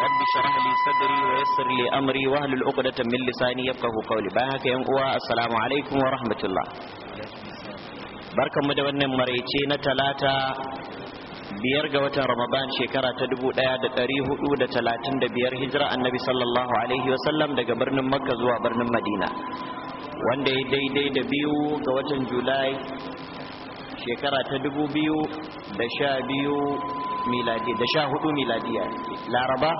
rabbi shrah li sadri wa yassir li amri wa hlul 'uqdatan min lisani yafqahu qawli bayan haka yan uwa assalamu alaikum wa rahmatullah barkanmu da wannan maraice na talata biyar ga watan ramadan shekara ta dubu ɗaya da ɗari hudu da talatin da biyar hijira annabi sallallahu alaihi wasallam daga birnin makka zuwa birnin madina wanda ya daidai da biyu ga watan julai shekara ta dubu biyu da sha biyu miladi da sha hudu miladiya laraba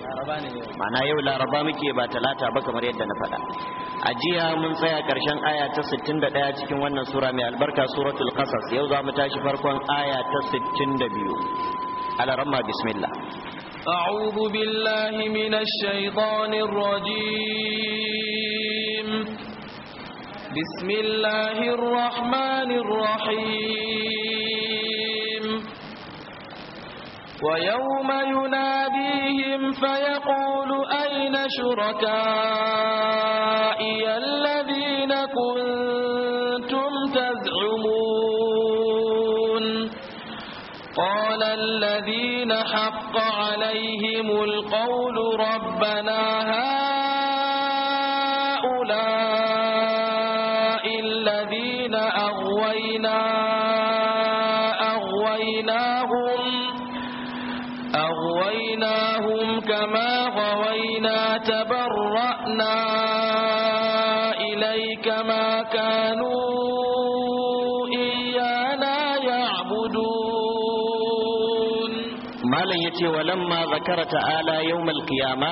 Laraba ma'ana yau laraba muke ba talata ba kamar yadda na faɗa a jiya mun tsaya ƙarshen aya ta 61 cikin wannan sura mai albarka suratul qasas yau za mu tashi farkon aya ta 62 alaramma bismillah أعوذ بالله من الشيطان الرجيم بسم الله الرحمن الرحيم ويوم يناديهم فيقول أين شركائي الذين كنتم تزعمون قال الذين حق عليهم القول ربنا هؤلاء الذين أغوينا أغويناهم كما غوينا تبرأنا إليك ما كانوا إيانا يعبدون ما لن يتي ولما ذكر تعالى يوم القيامة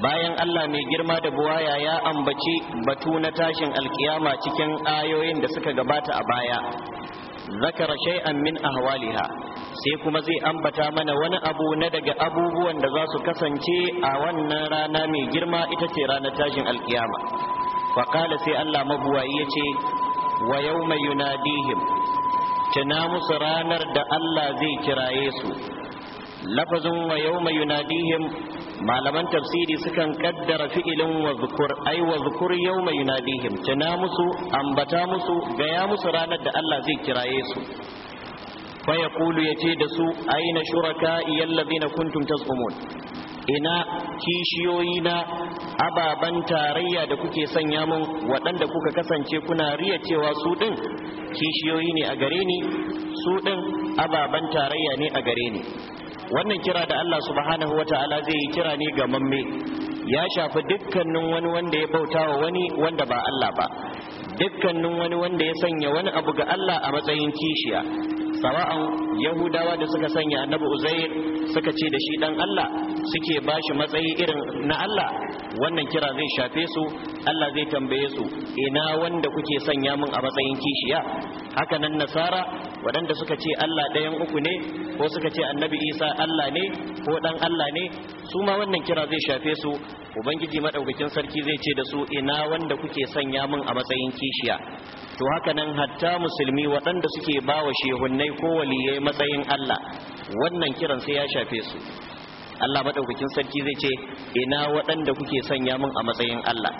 bayan Allah mai girma da buwaya ya ambaci batu na tashin alkiyama cikin ayoyin da suka gabata a baya zakara shay'an min ahwaliha sai kuma zai ambata mana wani abu na daga abubuwan da za su kasance a wannan rana mai girma ita ce ranar tashin alkiyama faƙala sai allah mabuwayi ya ce wa yau mai yunadihim tuna musu ranar da allah zai kiraye su lafazin wa yau mai yunadihim malaman tafsiri sukan kaddara fi'ilin wa zukur ai wa zukur yau mai yunadihim tuna musu ambata musu gaya musu ranar da allah zai kiraye su fa ya ce da su aina shuraka'i allazina kuntum tazqumun ina kishiyoyi na ababen tarayya da kuke sanya mun waɗanda kuka kasance kuna riya cewa su ɗin kishiyoyi ne a gare ni su ɗin ababen tarayya ne a gare ni wannan kira da Allah subhanahu wa ta'ala zai yi kira ne ga mamme ya shafi dukkanin wani wanda ya bauta wa wani wanda ba Allah ba dukkanin wani wanda ya sanya wani abu ga Allah a matsayin kishiya sawa'an yahudawa da suka sanya annabi uzair suka ce da shi dan Allah suke bashi matsayi irin na Allah wannan kira zai shafe su Allah zai tambaye su ina wanda kuke sanya min a matsayin kishiya haka nan nasara waɗanda suka ce Allah ɗayan uku ne ko suka ce annabi isa Allah ne ko dan Allah ne su ma wannan kira zai shafe su ubangiji madaukakin sarki zai ce da su ina wanda kuke sanya min a matsayin kishiya to haka nan hatta musulmi waɗanda suke ba wa shehunnai ko waliyai matsayin Allah wannan kiran sai ya shafe su Allah maɗaukakin sarki zai ce ina waɗanda kuke sanya min a matsayin Allah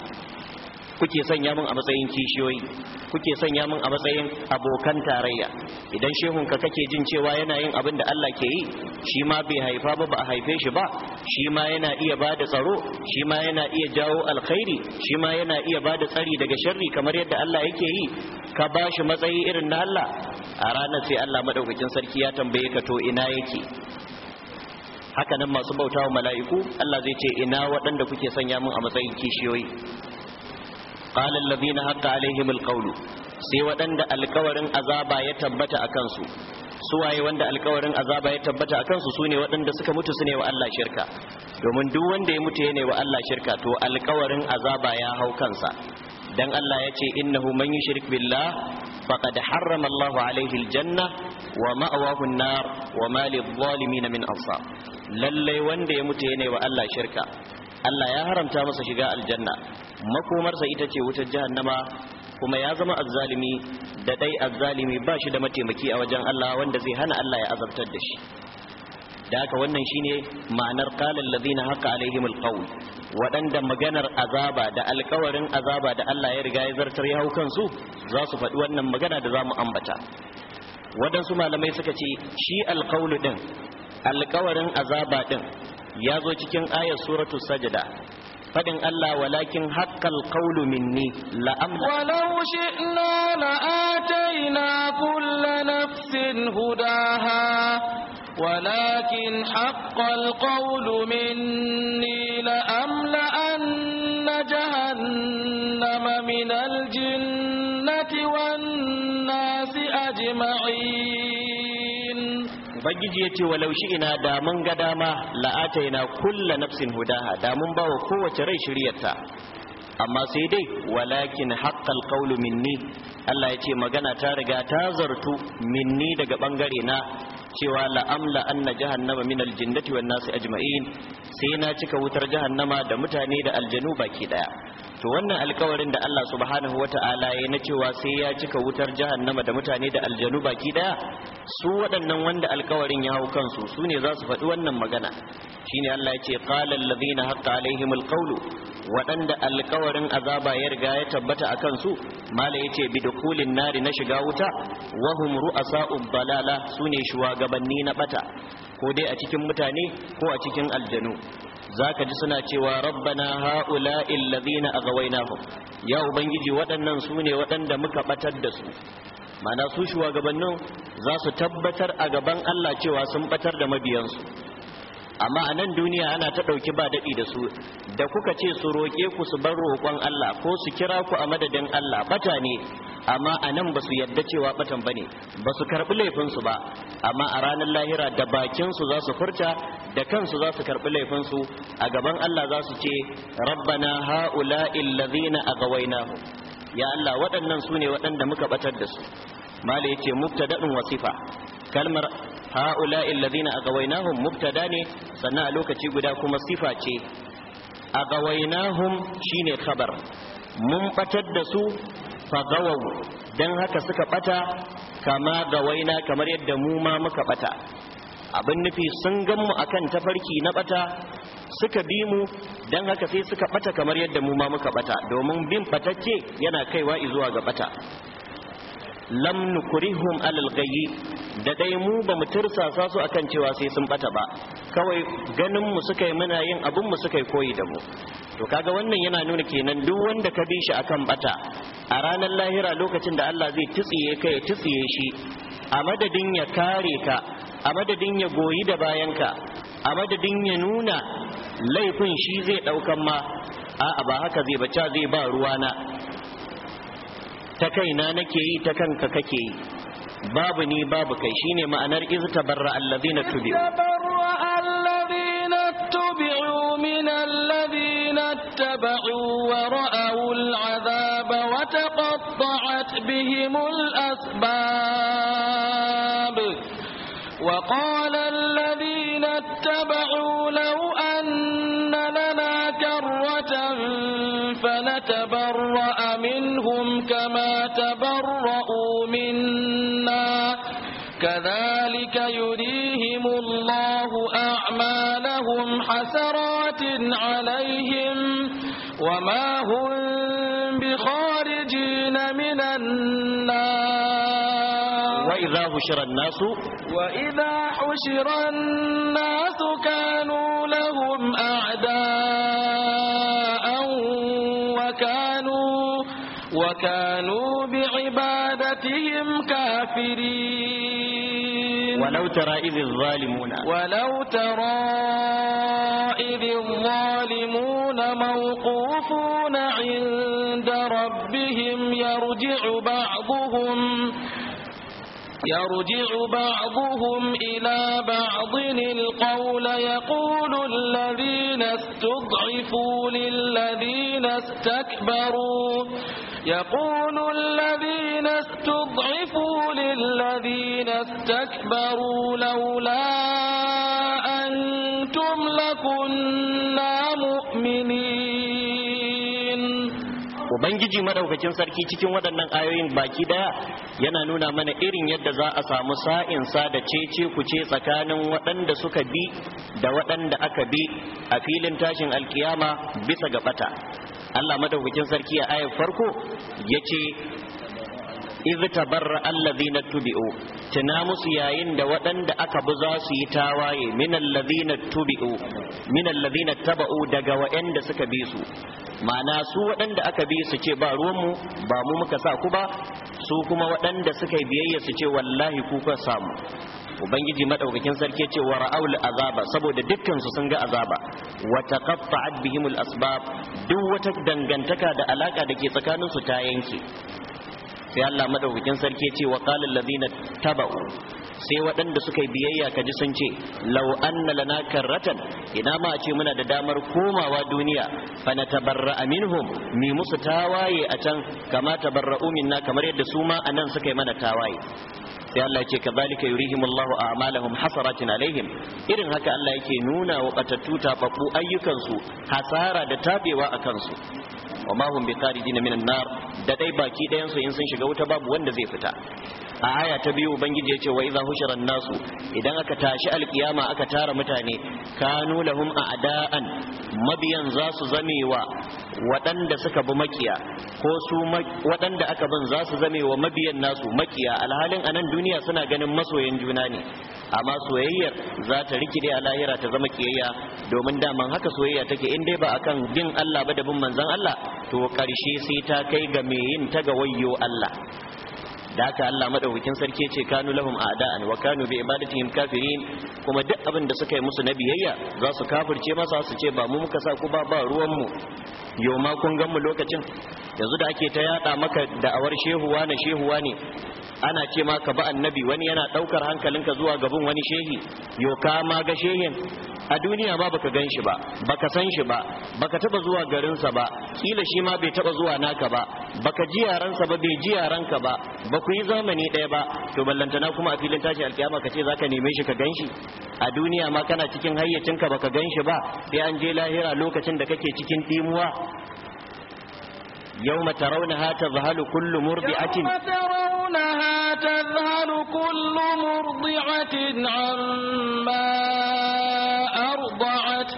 kuke sanya min a matsayin kishiyoyi kuke sanya mun a matsayin abokan tarayya idan shehun ka kake jin cewa yana yin abin da Allah ke yi shi ma bai haifa ba ba a haife shi ba shi ma yana iya ba da tsaro shi ma yana iya jawo alkhairi shi ma yana iya ba da tsari daga sharri kamar yadda Allah yake yi ka ba shi matsayi irin na Allah a ranar sai Allah madaukakin sarki ya tambaye ka to ina yake haka nan masu bautawa mala'iku Allah zai ce ina waɗanda kuke sanya mun a matsayin kishiyoyi qala allazina haqqa alaihim alqawlu sai waɗanda alƙawarin azaba ya tabbata a kansu suwaye wanda alƙawarin azaba ya tabbata a kansu su ne waɗanda suka mutu su ne wa Allah shirka domin duk wanda ya mutu ya ne wa Allah shirka to alƙawarin azaba ya hau kansa dan Allah ya ce innahu man yushrik billah faqad harrama Allah alayhi aljanna wa ma'awahu an-nar wa ma lidh-dhalimin min ansar lalle wanda ya mutu ya ne wa Allah shirka Allah ya haramta masa shiga aljanna makomarsa ita ce wutar jahannama kuma ya zama azzalimi da dai azzalimi ba shi da mataimaki a wajen Allah wanda zai hana Allah ya azabtar da shi da haka wannan shine ma'anar qala allazina haqa alaihim alqawl waɗanda maganar azaba da alkawarin azaba da Allah ya riga ya zartar ya hau kansu za su faɗi wannan magana da za mu ambata wadansu malamai suka ce shi alqawl ɗin alkawarin azaba ɗin ya zo cikin ayar suratu sajada فدن الله ولكن حق القول مني لأملا ولو شئنا لآتينا كل نفس هداها ولكن حق القول مني لأملأن جهنم من الجنة والناس أجمعين ubangiji ya walau shi ina da mun ga dama la'ataina kulla nafsin hudaha da mun bawa kowace rai shiryarta amma sai dai walakin haqqal qawlu minni Allah ce magana ta riga ta zartu minni daga bangare na cewa la'amla anna jahannama min aljinnati wan nasi ajma'in sai na cika wutar jahannama da mutane da aljanu baki daya to wannan alkawarin da Allah subhanahu wata'ala ya na cewa sai ya cika wutar jahannama da mutane da aljanu baki daya su waɗannan wanda alkawarin ya hau kansu su ne za su faɗi wannan magana shine Allah ya ce qalal allazina haqqa alaihim alqawlu waɗanda alkawarin azaba ya riga ya tabbata a kansu mala ya ce bidukulin nari na shiga wuta hum ru'asa'u balala su ne shugabanni na bata ko dai a cikin mutane ko a cikin aljanu Za ka ji suna cewa rabbana haula illazina aghawainahum ya ubangiji waɗannan su ne waɗanda muka batar da su mana su shugabannin za su tabbatar a gaban Allah cewa sun batar da mabiyansu amma a nan duniya ana ta ɗauki ba daɗi da su da kuka ce su roƙe ku su bar roƙon Allah ko su kira ku a madadin Allah bata ne amma a nan ba su yarda cewa batan bane ba su karɓi laifinsu ba amma a ranar lahira da bakinsu za su furta da kansu za su karɓi laifinsu a gaban Allah za su ce rabbana ha'ula'il ladhina aghawainahu ya Allah waɗannan su ne waɗanda muka batar da su mala yace mubtada'un wasifa kalmar ha'ula'il ladhina aghawainahum mubtada ne sannan a lokaci guda kuma sifa ce a gawainahum shine khabar mun batar da su fagawau don haka suka bata kama gawaina kamar yadda mu ma muka bata abin nufi sun ganmu a kan tafarki na bata suka bi mu don haka sai suka bata kamar yadda mu ma muka bata domin bin batacce yana kaiwa zuwa ga bata lam nukurihum alal gayi da dai mu ba mu tirsasa su akan cewa sai sun bata ba kawai ganin mu suka yi muna yin abun mu suka yi koyi da mu to kaga wannan yana nuna kenan duk wanda ka bi shi akan bata a ranar lahira lokacin da Allah zai tsiye ka ya tsiye shi a madadin ya kare ka a madadin ya goyi da bayan ka, a madadin ya nuna laifin shi zai daukan ma a'a ba haka zai baca zai ba ruwana ta kaina nake yi ta kanka kake yi babu ni babu kai shine ma'anar iz tabarra allazina tubi tabarra allazina tubi'u min allazina tabau wa ra'u al'azaba wa taqatta'at bihim al'asbab wa qala allazina tabau law anna lana karratan فنتبرأ منهم كما تبرؤوا منا كذلك يريهم الله أعمالهم حسرات عليهم وما هم بخارجين من النار وإذا حشر الناس وإذا حشر الناس كانوا لهم أعداء وكانوا بعبادتهم كافرين ولو ترى إذ الظالمون ولو ترى إذ الظالمون موقوفون عند ربهم يرجع بعضهم يرجع بعضهم إلى بعض القول يقول الذين استضعفوا للذين استكبروا يقول الذين استضعفوا للذين استكبروا لولا أنتم لكنا مؤمنين ubangiji madaukakin sarki cikin waɗannan ayoyin baki daya yana nuna mana irin yadda za a samu sa'insa da cece kuce tsakanin waɗanda suka bi da waɗanda aka bi a filin tashin alkiyama bisa ga bata Allah madaukakin sarki a ayar farko yace iz tabarra na tubi'u tuna musu yayin da waɗanda aka bi za su yi tawaye minan ladina taba'u daga waɗanda suka bi su ma'ana su waɗanda aka bi su ce ba ruwanmu ba mu muka sa ku ba su kuma waɗanda suka yi biyayya su ce wallahi kuka samu ubangiji madaukakin sarki ce wa ra'aul azaba saboda dukkan su sun ga azaba wa taqatta'at bihimul asbab duk wata dangantaka da alaka da ke tsakanin su ta yanke sai Allah madaukakin sarki ce wa qala allazina taba'u sai waɗanda suka yi biyayya ka ji sun ce law anna lana karratan ina ma a ce muna da damar komawa duniya fa natabarra minhum mi musu tawaye a can kama tabarra'u minna kamar yadda su ma anan suka yi mana tawaye sai Allah ce zalika yurihim Allahu a'malahum hasaratin alaihim irin haka Allah yake nuna wa katattu tababbu ayyukansu hasara da tabewa a kansu. wa ma hum biqaridin minan nar da dai baki dayan su in sun shiga wuta babu wanda zai fita a aya ta biyu ubangiji yace wa idza hushira nasu idan aka tashi alkiyama aka tara mutane kanu lahum a'da'an mabiyan za su zamewa waɗanda suka bi makiya ko su waɗanda aka bin za su zamewa mabiyan nasu makiya alhalin anan duniya suna ganin masoyan juna ne amma soyayyar za ta rikide a lahira ta zama kiyayya domin daman haka soyayya take in dai ba akan bin Allah ba da bin manzon Allah to karshe sai ta kai ga me yin ta ga wayyo Allah da haka Allah madaukakin sarki ce kanu lahum a'da'an wa kanu bi ibadatihim kafirin kuma duk abin da suka yi musu na biyayya za su kafirce masa su ce ba mu muka sa ku ba ba ruwan mu yau ma kun gan mu lokacin yanzu da ake ta yada maka da'awar shehuwa na shehuwa ne ana ce ma ka ba annabi wani yana daukar hankalinka zuwa gaban wani shehi yo ka ma ga shehin a duniya ba baka gan shi ba baka san shi ba baka taba zuwa garinsa ba kila shi ma bai taba zuwa naka ba baka ji yaransa ba bai ji yaranka ba ba ku yi zamani ɗaya ba to ballantana kuma a filin tashi alkiyama ka ce zaka neme shi ka gan shi a duniya ma kana cikin hayyacinka baka gan shi ba sai an je lahira lokacin da kake cikin timuwa يوم ترونها تذهل كل مرضعة يوم ترونها تذهل كل مرضعة عما أرضعت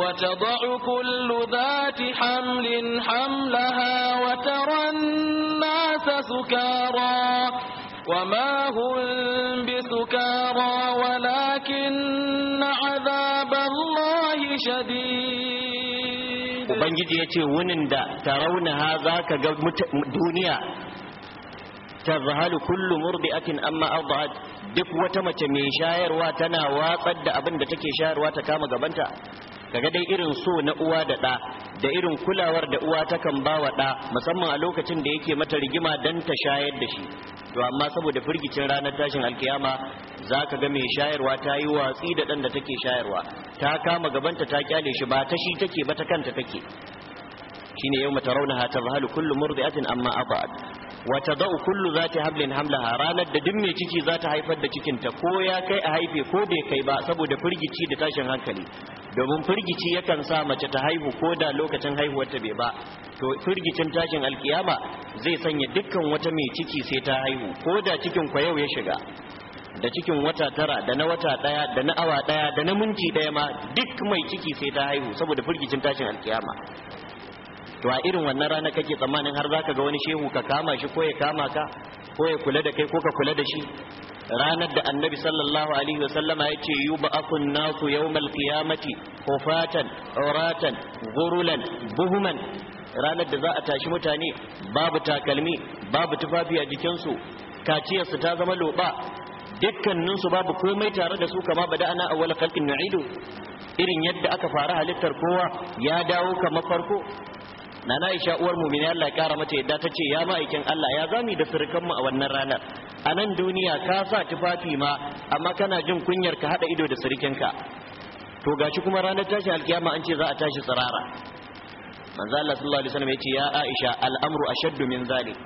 وتضع كل ذات حمل حملها وترى الناس سكارى وما هم بسكارى ولكن عذاب الله شديد ubangiji ya ce wunin da raunaha za ka ga duniya ta zahalu kullu murdi'atin amma ab'ad duk wata mace mai shayarwa tana watsar da abin da take shayarwa ta kama gabanta kaga dai irin so na uwa da ɗa da irin kulawar da uwa takan ba wa ɗa musamman a lokacin da yake mata rigima dan ta shayar da shi to amma saboda firgicin ranar tashin alkiyama za ka ga mai shayarwa ta yi watsi da ɗan da take shayarwa ta kama gabanta ta kyale shi ba ta shi take ba ta kanta take shine yau mata raunaha ta zahalu kullu murdi'atin amma abad wa tadau kullu zati hablin hamlaha ranar da duk mai ciki za ta haifar da cikinta ko ya kai a haife ko bai kai ba saboda firgici da tashin hankali domin firgici yakan sa mace ta haihu ko da lokacin haihuwarta bai ba to firgicin tashin alkiyama zai sanya dukkan wata mai ciki sai ta haihu ko da cikin kwayau ya shiga da cikin wata tara da na wata daya da na awa daya da na minti daya ma duk mai ciki sai ta haihu saboda firgicin tashin alkiyama to a irin wannan rana kake tsammanin har zaka ga wani shehu ka kama shi ko ya kama ka ko ya kula da kai ko ka kula da shi ranar da annabi sallallahu alaihi wa sallama ya ce yuba ba'akun nasu yawmal qiyamati hufatan uratan gurulan buhuman ranar da za a tashi mutane babu takalmi babu tufafi a jikinsu su ta zama loba dukkaninsu babu komai tare da su kama bada ana awwal khalqin na'idu irin yadda aka fara halittar kowa ya dawo kamar farko nana Aisha uwar mu'mini Allah ya kara mata yadda tace ya aikin Allah ya zami da surukan mu a wannan ranar a nan duniya ka sa tufafi ma amma kana jin kunyar ka haɗa ido da surukinka to gashi kuma ranar tashi alkiyama an ce za a tashi tsirara manzo Allah sallallahu alaihi wasallam ce ya Aisha al'amru ashaddu min zalik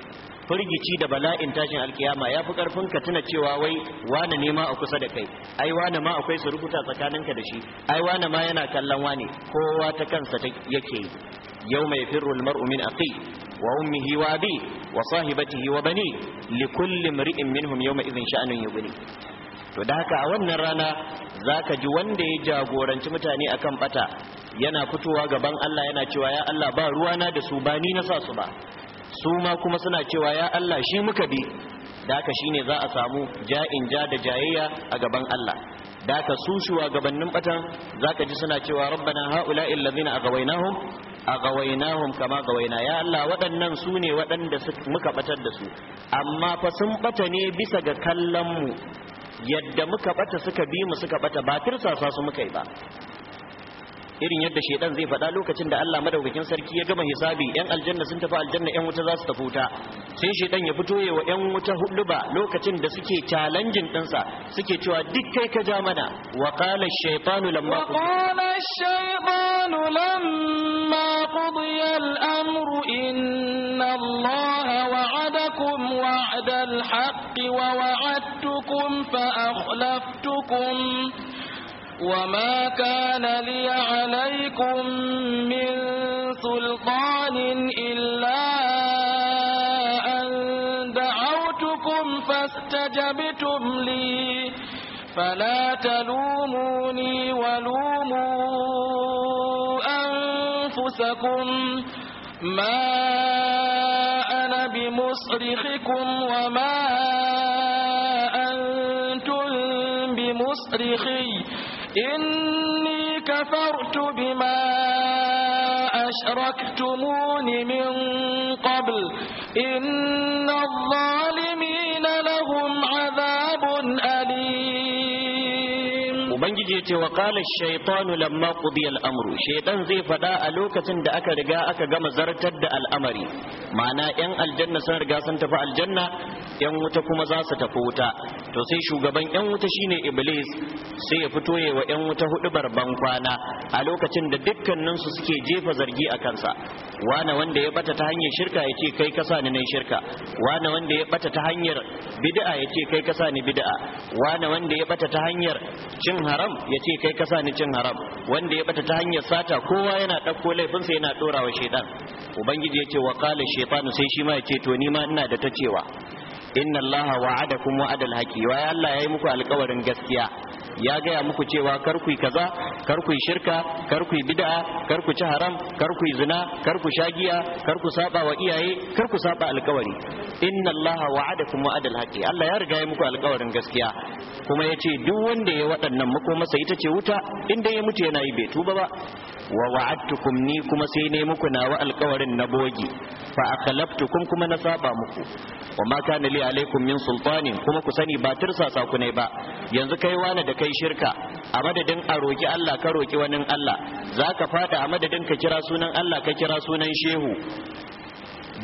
firgici da bala'in tashin alkiyama ya fi karfin ka tuna cewa wai wane ne ma a kusa da kai ai wane ma akwai surukuta tsakaninka da shi ai wane ma yana kallon wane kowa ta kansa yake yi yawma yafirru almar'u min aqi wa ummihi wa abi wa sahibatihi wa bani likulli imri'in minhum sha'anun yughni to da haka a wannan rana zaka ji wanda ya jagoranci mutane akan bata yana fitowa gaban Allah yana cewa ya Allah ba ruwana da su ba ni na sa su ba su ma kuma suna cewa ya Allah shi muka bi da haka shine za a samu ja'in ja da jayayya a gaban Allah da haka su shugabannin batan zaka ji suna cewa rabbana lazina illazina aghawainahum a gawainahum kama gawaina ya Allah waɗannan su ne waɗanda muka batar da su amma fa sun bata ne bisa ga kallon mu yadda muka bata suka bi mu suka bata ba tirsasa su muka yi ba irin yadda shedan zai faɗa lokacin da Allah madaukakin sarki ya gama hisabi yan aljanna sun tafi aljanna yan wuta za su tafi wuta sai shedan ya fito yawa yan wuta huluba lokacin da suke challenging ɗinsa suke cewa duk kai ka ja mana wa qala ash-shaytanu lamma qala ash-shaytanu lamma qudiya al-amru inna Allaha wa'adakum wa'da al-haqqi wa wa'adtukum fa akhlaftukum وما كان لي عليكم من سلطان إلا أن دعوتكم فاستجبتم لي فلا تلوموني ولوموا أنفسكم ما أنا بمصرخكم وما أنا إني كفرت بما أشركتمون من قبل إن الظالمين ubangiji ya ce wa qala shaytanu lamma qudiya al-amru shaytan zai fada a lokacin da aka riga aka gama zartar da al'amari ma'ana yan aljanna sun riga sun tafi aljanna yan wuta kuma za su tafi wuta to sai shugaban yan wuta shine iblis sai ya fito yayi wa yan wuta hudu barban kwana a lokacin da dukkanin su suke jefa zargi a kansa wane wanda ya bata ta hanyar shirka ya ce kai kasa ni nayi shirka wane wanda ya bata ta hanyar bid'a ya ce kai kasa ni bid'a wane wanda ya bata ta hanyar cin haram ya ce kai kasa ni cin haram wanda ya bata ta hanyar sata kowa yana ɗauko laifinsa yana ɗora wa shaidan ubangiji ya ce wa qala shaytanu sai shi ma ya ce to ni ma ina da ta cewa inna allaha wa'adakum wa'adal haqi wa ya Allah yayi muku alƙawarin gaskiya ya gaya muku cewa kar kaza kar shirka kar ku bid'a kar ci haram kar zina kar ku shagiya kar saba wa iyaye karku saba alkawari inna allaha wa'adakum wa'adal haqi Allah ya riga ya muku alkawarin gaskiya kuma yace duk wanda ya waɗannan masa ita ce wuta inda ya mutu yana yi bai tuba ba wa wa'adtukum ni kuma sai ne muku nawa alkawarin na bogi fa akhlaftukum kuma na saba muku wa ma kana li alaikum min sultanin kuma ku sani ba tirsasa ku ne ba yanzu kai wani da kai shirka a madadin a roki Allah ka roki wani Allah zaka fada a madadin ka kira sunan Allah ka kira sunan shehu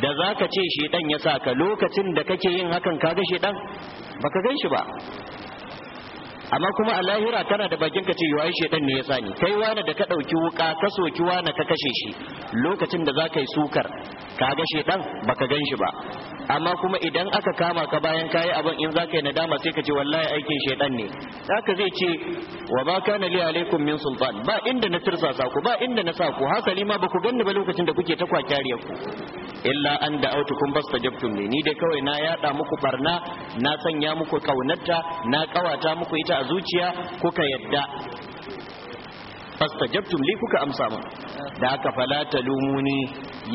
da zaka ce shedan ya saka lokacin da kake yin hakan ka ga shedan baka gan shi ba amma kuma a lahira tana da bakin ka ce yayi shedan ne ya sani kai wani da ka dauki wuka ka soki wani ka kashe shi lokacin da zaka yi sukar Ka kaga shedan baka gan shi ba amma kuma idan aka kama ka bayan kayi abin in zaka yi nadama sai ka ce wallahi aikin shedan ne zaka zai ce wa ba kana li alaikum min sultan ba inda na sa ku ba inda na sa ku haka ma ba ku ganni ba lokacin da kuke ta kwakyariyar ku illa an da autu kun basta bastajabtum ne ni dai kawai na yada muku barna na sanya muku kaunarta na kawata muku ita a zuciya kuka yadda fastajabtum li kuka amsa min da haka fala talumuni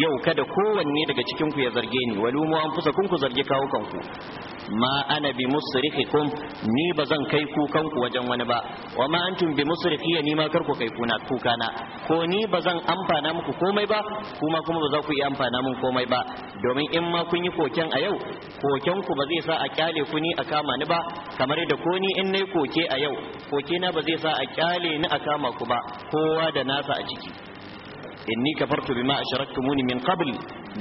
yau kada kowanne daga cikin ku ya zarge ni walumu an fusa kun ku zarge kawo kanku ma ana bi musrikikum ni ba zan kai kukanku wajen wani ba wa ma antum bi musrikiyya ni ma kar ku kai kuna kukana ko ni ba zan amfana muku komai ba kuma kuma ba za ku iya amfana mun komai ba domin in ma kun yi koken a yau koken ku ba zai sa a kyale ku ni a kama ni ba kamar da ko ni in nayi koke a yau koke na ba zai sa a kyale ni a kama ku ba kowa da nasa a ciki inni kafartu bima asharaktumuni min qabl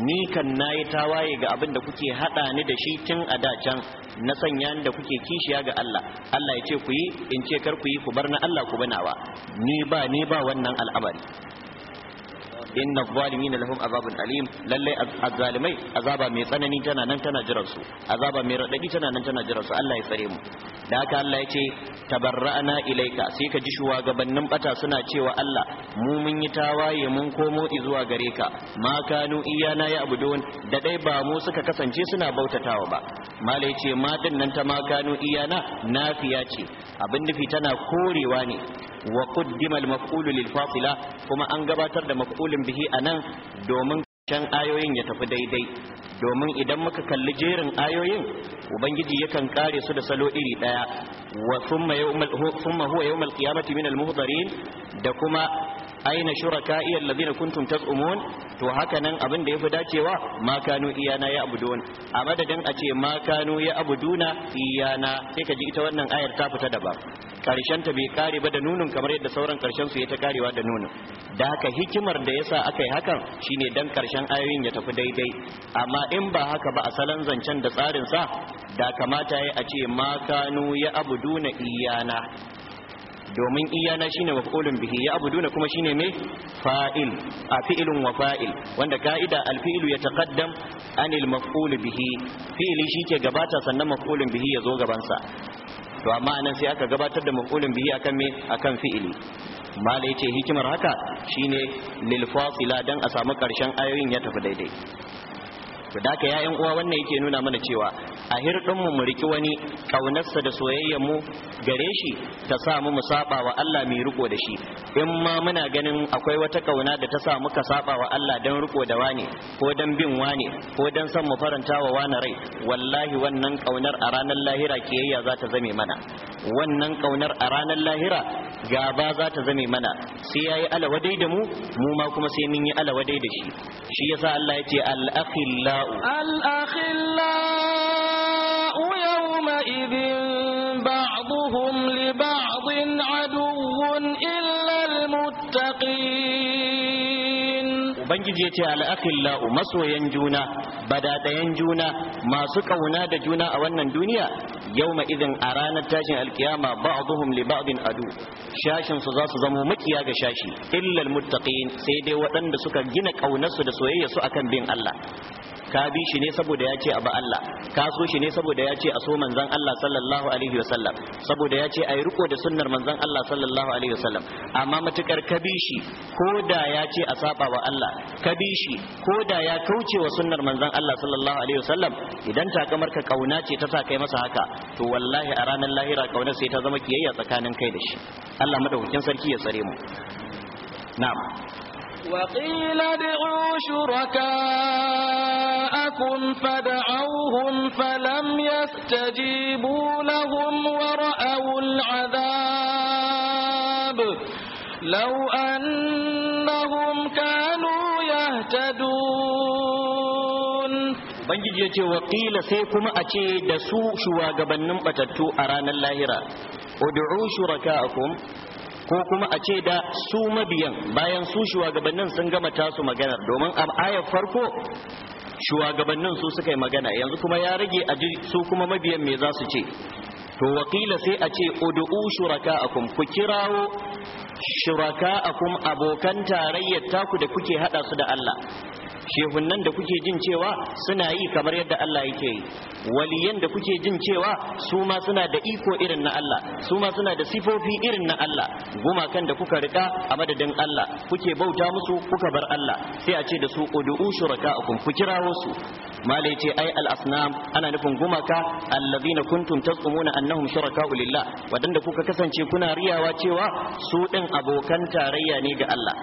ni kan nayi tawaye ga abin da kuke hada ni da shi tun a da can na sanya da kuke kishiya ga Allah Allah ya ce ku yi in ce kar ku yi ku bar na Allah ku banawa ni ba ni ba wannan al'amari inna zalimin lahum azabun alim lalle azzalimai azaba mai tsanani tana nan tana jiran su azaba mai radadi tana nan tana jiran su Allah ya tsare mu da haka Allah ya ce tabarra'na ilaika sai ka ji shugabannin bata suna cewa Allah mu mun yi tawaye mun komo zuwa gare ka ma kanu iyana ya abudun da dai ba mu suka kasance suna bautatawa ba malai ce ma nan ta ma kanu iyana nafiya ce abin nufi tana korewa ne wa qaddima al-maf'ulu lil kuma an gabatar da maf'ulin bihi anan domin can ayoyin ya tafi daidai domin idan muka kalli jerin ayoyin ubangiji yakan kare su da salo iri daya wa summa yawmal huwa yawmal qiyamati min al-muhdarin da kuma aina iya alladhina kuntum taz'umun to haka nan abin da ya fi dacewa ma kanu iyana ya abudun a madadin a ce ma kanu ya abuduna iyana sai ka ji ita wannan ayar ta fita daban karshen ta bai kare ba da nunin kamar yadda sauran karshen su ya ta karewa da nunin da haka hikimar da yasa aka yi hakan shine dan karshen ayoyin ya tafi daidai amma in ba haka ba a salon zancen da tsarin sa da kamata ya a ce ma kanu ya abuduna iyana domin iyana shine maf'ulun bihi ya abuduna kuma shine mai fa'il a fi'ilun wa fa'il wanda ka'ida alfi'ilu ya taqaddam anil maf'ul bihi fi'ili shi ke gabata sannan maf'ulun bihi ya zo gaban sa to amma anan sai aka gabatar da maf'ulun bihi akan me akan fi'ili mala ce hikimar haka shine lil fasila dan a samu karshen ayoyin ya tafi daidai to da haka yayan uwa wannan yake nuna mana cewa a hirɗin mu mu riki wani ƙaunarsa da soyayyar mu gare shi ta sa mu mu saba wa Allah mai riko da shi in ma muna ganin akwai wata ƙauna da ta sa muka saba wa Allah dan riko da wani ko dan bin wani ko dan san mu faranta wa wani rai wallahi wannan kaunar a ranar lahira kiyayya za ta zame mana wannan kaunar a ranar lahira gaba za ta zame mana sai yayi alawadai da mu mu ma kuma sai mun yi alawadai da shi shi yasa Allah ya ce al-akhillau الأخلاء يومئذ بعضهم لبعض عدو إلا المتقين وبنجي جيتي على أخلاء مسو ينجونا بدات ينجونا ما سكونا دجونا أولنا الدنيا يومئذ أرانا تاج الكيامة بعضهم لبعض عدو شاشا su za su zamo إلا المتقين سيدي illal muttaqin جنك أو waɗanda suka gina ƙaunarsu da soyayya ka bi shi ne saboda ya ce abu Allah ka so shi ne saboda ya ce a so manzan Allah sallallahu alaihi wasallam saboda ya ce yi riko da sunnar manzan Allah sallallahu alaihi wasallam amma matukar ka bi shi ko da ya ce a saba wa Allah ka bi shi ko da ya kauce wa sunnar manzan Allah sallallahu alaihi wasallam idan takamar ka kauna ce ta sa kai masa haka to wallahi a ranar lahira kauna sai ta zama kiyayya tsakanin kai da shi Allah madaukakin sarki ya tsare mu na'am وقيل ادعوا شركاءكم فدعوهم فلم يستجيبوا لهم ورأوا العذاب لو أنهم كانوا يهتدون بنجي يجي وقيل سيكم أتي دسو شواغبنم أتتو أران اللاهرة ادعوا شركاءكم ko kuma a ce da su mabiyan bayan su shugabannin sun gama tasu maganar domin a ayar farko shugabannin su suka yi magana yanzu kuma ya rage a ji su kuma mabiyan me za su ce to wakila sai a ce shuraka akum ku kirawo akum abokan tarayyar taku da kuke hada su da Allah shehunan da kuke jin cewa suna yi kamar yadda Allah yake yi waliyan da kuke jin cewa su ma suna da iko irin na Allah su ma suna da sifofi irin na Allah gumakan da kuka rika a madadin Allah kuke bauta musu kuka bar Allah sai a ce da su ud'u shuraka'akum ku kirawo su malai ce ai al asnam ana nufin gumaka allazina kuntum tazumuna annahum shuraka'u lillah wadanda kuka kasance kuna riyawa cewa su din abokan tarayya ne ga Allah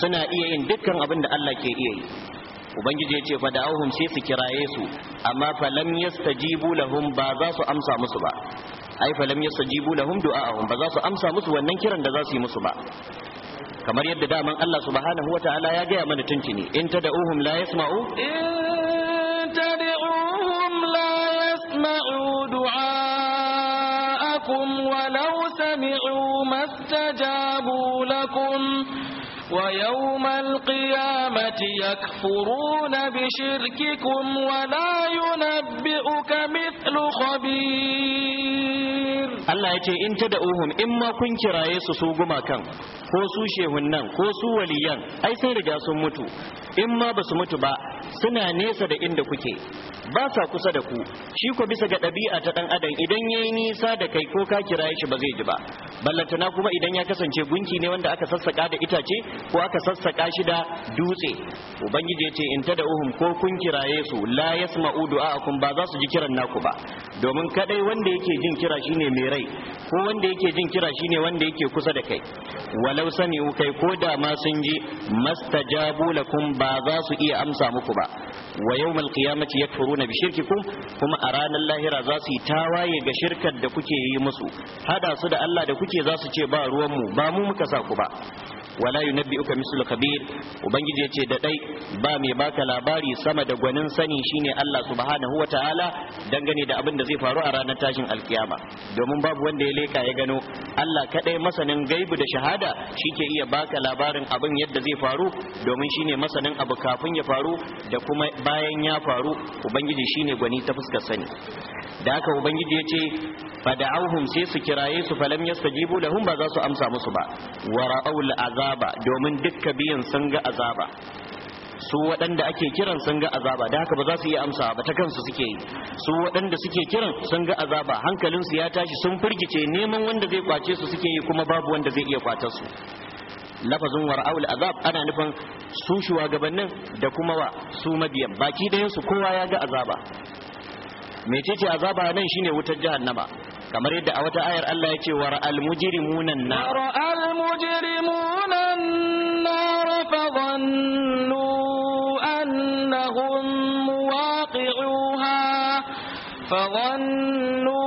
suna iya yin dukkan abin da Allah ke iya yi ubangiji ya ce fa da'awhum sai su kiraye su amma fa lam yastajibu lahum ba za su amsa musu ba ai fa lam yastajibu lahum du'a'ahum ba za su amsa musu wannan kiran da za su yi musu ba kamar yadda daman Allah subhanahu wataala ya gaya mana tuntuni in tad'uhum la yasma'u in tad'uhum la yasma'u du'a'akum walau sami'u mastajabu lakum ويوم القيامة يكفرون بشرككم ولا ينبئك مثل خبير Allah ya ce in ta tada'uhum in ma kun kiraye su su gumakan ko su shehunnan ko su waliyan ai sun riga sun mutu in ma ba su mutu ba suna nesa da inda kuke ba sa kusa da ku shi ku bisa ga ɗabi'a ta ɗan adam idan yayi nisa da kai ko ka kiraye shi ba zai ji ba ballantana kuma idan ya kasance gunki ne wanda aka sassaka da itace ko aka sassaka shi da dutse ubangiji ce, in ta da uhum ko kun kiraye su la yasma'u du'a'akum ba za su ji kiran naku ba domin kadai wanda yake jin kira shine mai rai ko wanda yake jin kira shine wanda yake kusa da kai walau sani kai ko da ma sun ji mastajabu lakum ba za su iya amsa muku ba wa yawmal qiyamati yakfuruna bi shirkikum kuma a ranar lahira za su yi tawaye ga shirkar da kuke yi musu hada su da Allah da kuke za su ce ba ruwan mu ba mu muka sa ku ba wala uka mislu kabir ubangiji yace da dai ba mai baka labari sama da gwanin sani shine Allah subhanahu wataala dangane da abin da zai faru a ranar tashin alkiyama domin babu wanda ya leka ya gano Allah kadai masanin gaibu da shahada shi ke iya baka labarin abin yadda zai faru domin shine masanin abu kafin ya faru da kuma bayan ya faru ubangiji shine gwani ta fuskar sani da haka ubangiji yace fada'auhum sai su kiraye su falam yastajibu lahum ba za su amsa musu ba wara'ul azab azaba domin dukka biyan sun ga azaba su waɗanda ake kiran sun ga azaba da haka ba za su iya amsa ba ta kansu suke yi su waɗanda suke kiran sun ga azaba hankalinsu ya tashi sun firgice neman wanda zai kwace su suke yi kuma babu wanda zai iya kwace su lafazin wara'ul azab ana nufin su gabanin da kuma wa su mabiyan baki ɗayan su kowa ya ga azaba mecece azaba nan shine wutar jahannama kamar yadda a wata ayar Allah ya ce wara almujrimuna na wara almujrimuna nar fa dhannu annahum muwaqi'uha fa dhannu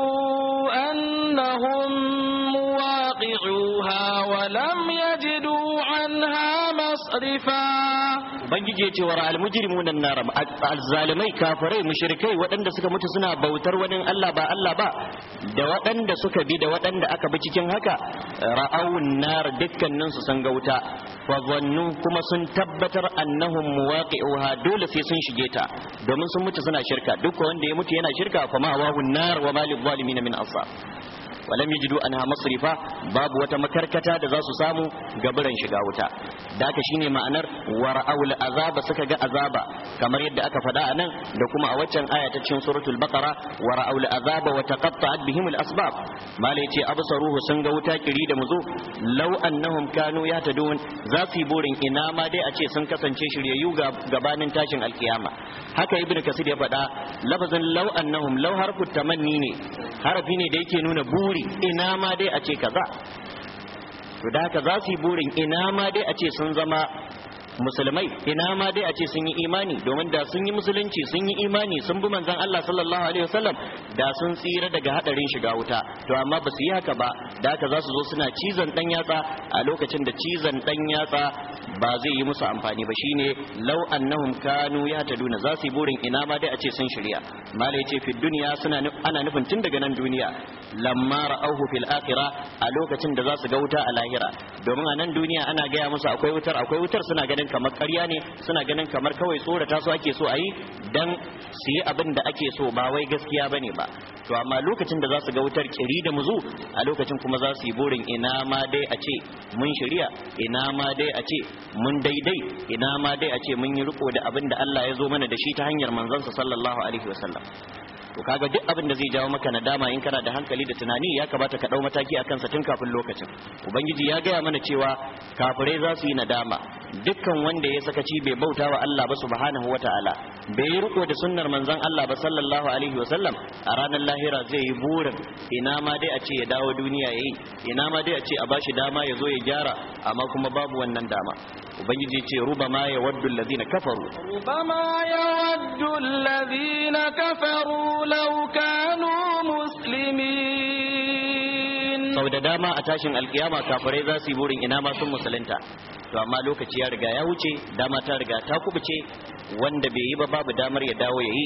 annahum واقعوها ولم يجدوا عنها مصرفا ubangiji ya ce wa ra'al mujrimuna nar azzalimai kafirai mushrikai waɗanda suka mutu suna bautar wani Allah ba Allah ba da waɗanda suka bi da waɗanda aka bi cikin haka ra'awun nar dukkanin sun ga wuta kuma sun tabbatar annahum muwaqi'uha dole sai sun shige ta domin sun mutu suna shirka duk wanda ya mutu yana shirka fa ma'awun nar wa malil zalimin min ansar walam yajidu anha masrifa babu wata makarkata da za su samu gaburan shiga wuta da haka shine ma'anar wara'ul azaba suka ga azaba kamar yadda aka faɗa a nan da kuma a waccan aya ta cikin suratul baqara wara'ul azaba wa taqatta'at bihim al asbab mala yace absaruhu sun ga wuta kiri da muzo law annahum kanu yatadun za su yi burin ina ma dai a ce sun kasance shiryayyu gabanin tashin alkiyama haka ibnu kasir ya faɗa lafazin law annahum law harfu tamanni ne harafi ne da yake nuna buri buri ina ma dai a ce kaza to da haka za su yi burin ina ma dai a ce sun zama musulmai ina ma dai a ce sun yi imani domin da sun yi musulunci sun yi imani sun bi manzon Allah sallallahu alaihi wasallam da sun tsira daga hadarin shiga wuta to amma ba su yi haka ba da haka za su zo suna cizon dan yatsa a lokacin da cizon dan yatsa ba zai yi musu amfani ba shine law annahum kanu duna za su yi burin ina ma dai a ce sun shirya malai ce fi duniya suna ana nufin tun daga nan duniya lamma auhu fil akhirah a lokacin da za su ga wuta a lahira domin a nan duniya ana gaya musu akwai wutar akwai wutar suna ganin kamar ƙarya ne suna ganin kamar kawai tsorata su ake so a yi dan su yi abin da ake so ba wai gaskiya bane ba to amma lokacin da za su ga wutar kiri da muzu a lokacin kuma za su yi burin ina ma dai a ce mun shirya ina ma dai a ce mun daidai ina ma dai a ce mun yi riko da abin da Allah ya zo mana da shi ta hanyar manzansa sallallahu alaihi wasallam to kaga duk abin da zai jawo maka nadama in kana da hankali da tunani ya kamata ka dau mataki akan sa tun kafin lokacin ubangiji ya gaya mana cewa kafirai za su yi nadama dukkan wanda ya saka ci bai bauta wa Allah ba subhanahu wataala bai yi riko da sunnar manzon Allah ba sallallahu alaihi wa sallam a ranar lahira zai yi burin ina ma dai a ce ya dawo duniya yayi ina ma dai a ce a bashi dama ya zo ya gyara amma kuma babu wannan dama ubangiji ce ma ya waddu alladhina kafaru ruba ma ya waddu alladhina kafaru law kanu muslimin da dama a tashin alkiyama kafirai za su yi burin ina ma sun musulunta to amma lokaci ya riga ya wuce dama ta riga ta kubuce wanda bai yi ba babu damar ya dawo ya yi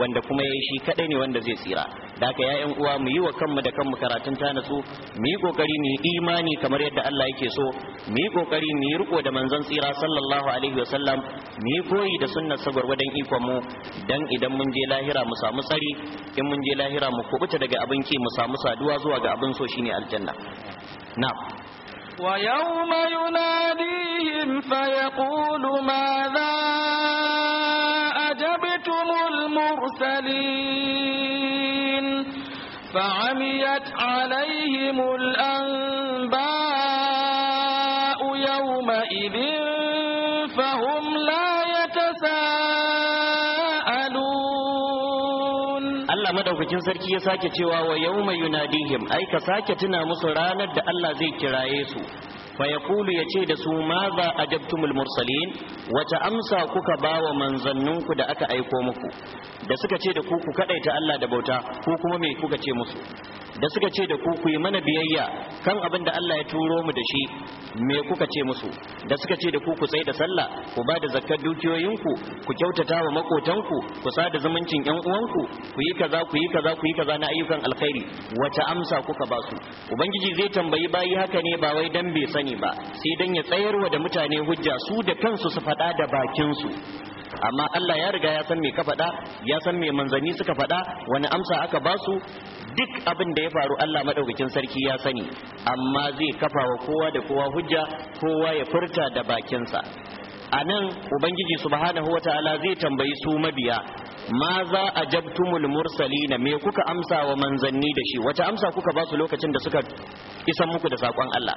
wanda kuma ya yi shi kadai ne wanda zai tsira da haka ya'yan uwa mu yi wa kanmu da kanmu karatun ta nasu mu yi kokari mu yi imani kamar yadda Allah yake so mu yi kokari mu yi riko da manzon tsira sallallahu alaihi wasallam mu yi koyi da sunnar sabar wadan ikon mu dan idan mun je lahira mu samu tsari in mun je lahira mu kubuta daga abin ki mu samu saduwa zuwa ga abin so shine aljanna وسلم نعم ويوم يناديهم فيقول ماذا أجبتم المرسلين فعميت عليهم الأنباء يومئذ madaukakin sarki ya sake cewa wa yawma yunadihim ai ka sake tuna musu ranar da Allah zai kiraye su fa ya ce da su ma za ajabtumul mursalin wata amsa kuka ba wa manzanninku da aka aiko muku da suka ce da ku ku kadaita Allah da bauta ko kuma me kuka ce musu da suka ce da ku ku yi mana biyayya kan abin da Allah ya turo mu da shi me kuka ce musu da suka ce da ku ku tsaye da sallah ku ba da zakkar dukiyoyinku ku kyautata wa makotanku ku sa da zumuncin yan uwanku ku yi kaza ku yi kaza ku yi kaza na ayyukan alkhairi wata amsa kuka ba su ubangiji zai tambayi bayi haka ne ba wai dan bai sani ba sai dan ya tsayarwa da mutane hujja su da kansu su faɗa da bakin su amma Allah ya riga ya san me ka faɗa ya san me manzanni suka faɗa wani amsa aka ba su duk abin da ya faru Allah madaukakin sarki ya sani amma zai kafa wa kowa da kowa hujja kowa ya furta da bakinsa a nan ubangiji subhanahu wataala zai tambayi su mabiya ma za a jabtumul mursalina me kuka amsa wa manzanni da shi wata amsa kuka ba su lokacin da suka isan muku da saƙon Allah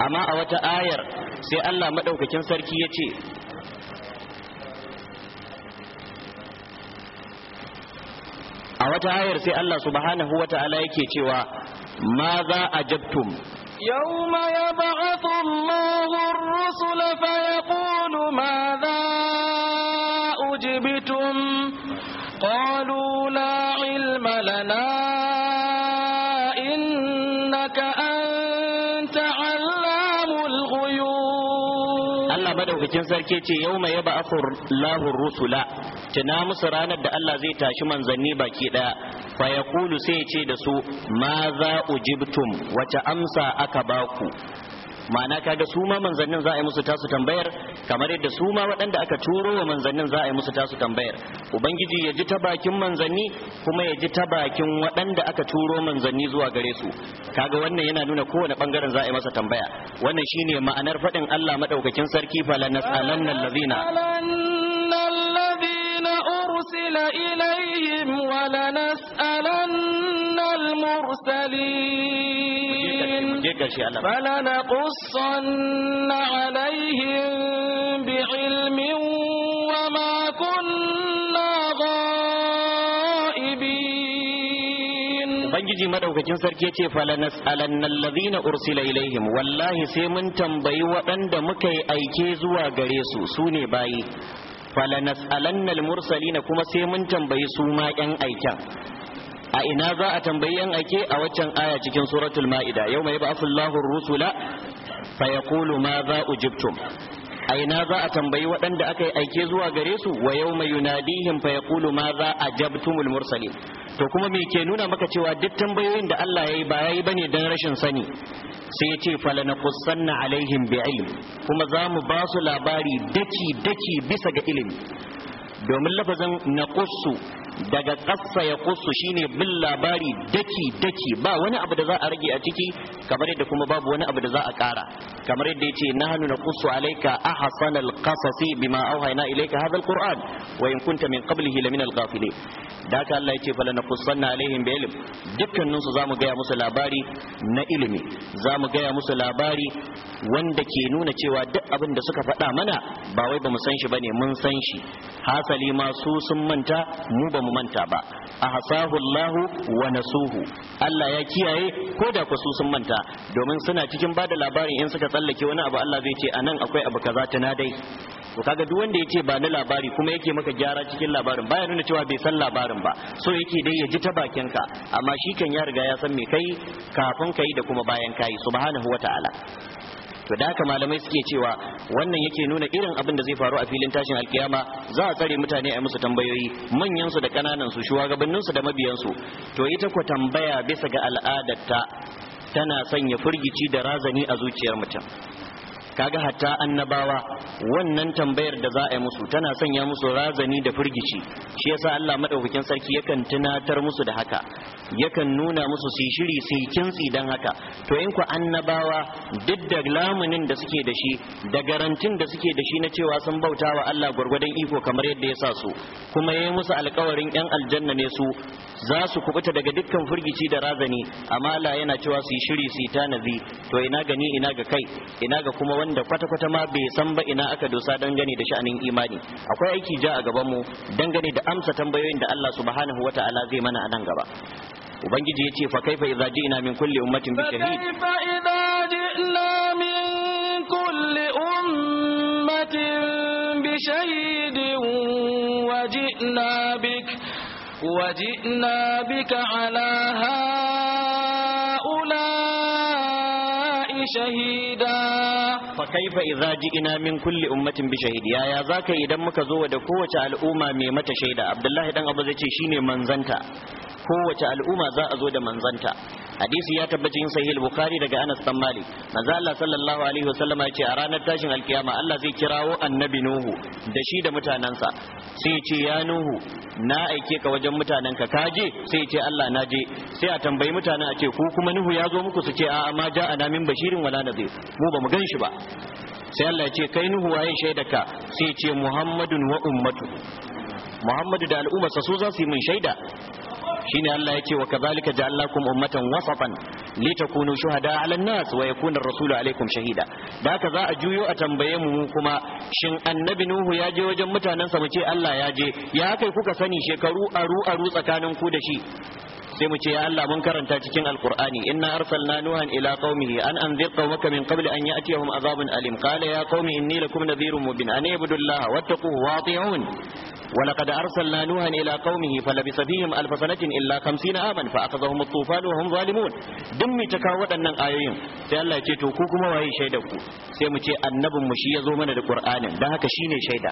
amma a wata ayar sai Allah maɗaukakin sarki ya ce a wata ayar sai Allah subhanahu wa ta'ala yake cewa ma za ajabtum yawma yab'athu Allahu ar-rusul fa yaqulu ma za ujibtum qalu la ilma lana madaukakin sarki ce yau mai yaba afur rusula tana musu ranar da Allah zai tashi manzanni baki daya fa yaqulu sai ce da su ma za ujibtum wace amsa aka baku ma'ana kaga su ma manzannin za a yi musu tasu tambayar kamar yadda su ma waɗanda aka turo wa manzannin za a yi musu tasu tambayar ubangiji ya ji ta bakin manzanni kuma ya ji ta bakin waɗanda aka turo manzanni zuwa gare su kaga wannan yana nuna kowane bangaren za a yi masa tambaya wannan shine ma'anar faɗin Allah madaukakin sarki falanas'alanna allazina أرسل إليهم ولنسألن المرسلين je karshe Allah falanaqussanna alaihim bi'ilmin wa ma kunna ghaibin ubangiji madaukakin sarki yace falanas'alannal ladina ursila ilaihim wallahi sai mun tambayi waɗanda muka yi aike zuwa gare su sune bayi falanas'alannal mursalina kuma sai mun tambayi su ma 'yan aiken a ina za a tambayi yan ake a waccan aya cikin suratul ma'ida yau mai ba'afu Allahu rusula fa yaqulu ma za ujibtum a ina za a tambayi waɗanda aka yi aike zuwa gare su wa yau mai yunadihim fa yaqulu ma za to kuma me ke nuna maka cewa duk tambayoyin da Allah ya yi ba yayi bane dan rashin sani sai ya ce falanaqussanna alaihim bi ilm kuma za mu ba su labari daki daki bisa ga ilimi domin lafazin naqussu daga ƙasa ya kusu shine bin labari daki daki ba wani abu da za a rage a ciki kamar yadda kuma babu wani abu da za a ƙara kamar yadda ya yace nahnu naqussu alayka ahsan alqasasi bima awhayna ilayka hadha alquran wa in kunta min qablihi lamin alghafilin da haka Allah yace fala naqussanna alaihim bi ilm dukkanin su zamu gaya musu labari na ilimi zamu gaya musu labari wanda ke nuna cewa duk abin da suka faɗa mana ba wai ba mu san shi ne mun san shi hasali ma su sun manta mu ba mu manta ba a hasahu Allahu wa nasuhu Allah ya kiyaye ko da ku sun manta domin suna cikin bada labarin in suka tsallake wani abu Allah zai ce anan akwai abu kaza ta na dai to kaga duk wanda yace ba na labari kuma yake maka gyara cikin labarin baya nuna cewa bai san labarin ba so yake dai ya ji ta bakin ka amma shi kan ya riga ya san me kai kafin kai da kuma bayan kai subhanahu wataala to da haka malamai suke cewa wannan yake nuna irin abin da zai faru a filin tashin alkiyama za a tsare mutane a musu tambayoyi manyan su da kananan su shugabannin su da mabiyan su to ita ko tambaya bisa ga al'adarta tana sanya firgici da razani a zuciyar mutum kaga hatta annabawa wannan tambayar da za a yi musu tana sanya musu razani da firgici shi yasa Allah madaukakin sarki yakan tunatar musu da haka yakan nuna musu su shiri su kintsi dan haka to in ku annabawa duk da lamunin da suke da shi da garantin da suke da shi na cewa sun bauta wa Allah gwargwadon iko kamar yadda ya sa su kuma yayi musu alƙawarin yan aljanna ne su za su kubuta daga dukkan firgici da razani amma Allah yana cewa su shiri su yi tanazi to ina gani ina ga kai ina ga kuma wanda kwata-kwata ma bai san ba ina aka dosa dangane da sha'anin imani akwai aiki ja a gaban mu dangane da amsa tambayoyin da Allah subhanahu ta'ala zai mana a nan gaba ubangiji ya ce fa kaifa idza ji'na min kulli ummatin bi shahid fa idza ji'na min kulli ummatin bi shahidin wa ji'na bik ji'na bika ala هؤلاء شهيدا فكيف إذا جئنا من كل أمة بشهيد idan muka zo إذا da kowace الأمة ميمة mata عبد الله دان أبو زيتي شيني منزنتا kowace al'umma za a zo da manzanta hadisi ya tabbaci yin sahih bukhari daga Anas bin Malik manzo Allah sallallahu alaihi wasallam ya ce a ranar tashin alkiyama Allah zai kirawo annabi Nuhu da shi da mutanansa sai ya ce ya Nuhu na aike ka wajen mutanenka ka je sai ce Allah na je a tambayi mutanen a ce ku kuma Nuhu ya zo muku su ce a'a ma ja'a na min bashir bashirin wala biyu, mu ba mu gan shi ba sai Allah ya ce kai nuhu waye shaidaka sai ce muhammadun wa ummatu muhammadu da al'ummarsa su za su yi min shaida shine Allah ya yake wa kadhalika ja'alnakum ummatan wasatan litakunu shuhada 'ala an-nas wa yakuna ar-rasulu 'alaykum shahida da haka za a juyo a tambaye mu kuma shin annabi nuhu ya je wajen mutanen sa mu ce Allah ya je ya kai kuka sani shekaru aru aru tsakanin ku da shi sai mu ce ya Allah mun karanta cikin alqur'ani inna arsalna nuhan ila qaumihi an anzir qaumaka min qabli an ya'tiyahum azabun alim qala ya qaumi inni lakum nadhirun mubin an ibudullaha allaha wattaquhu wa ati'un ولقد أرسلنا نوحا إلى قومه فلبث فيهم ألف سنة إلا خمسين عاما فأخذهم الطوفان وهم ظالمون دم تكاوت أن آيين sai Allah ya ce to ku kuma waye shaida ku sai mu ce annabin mu shi ya mana da Qur'anin dan haka shine shaida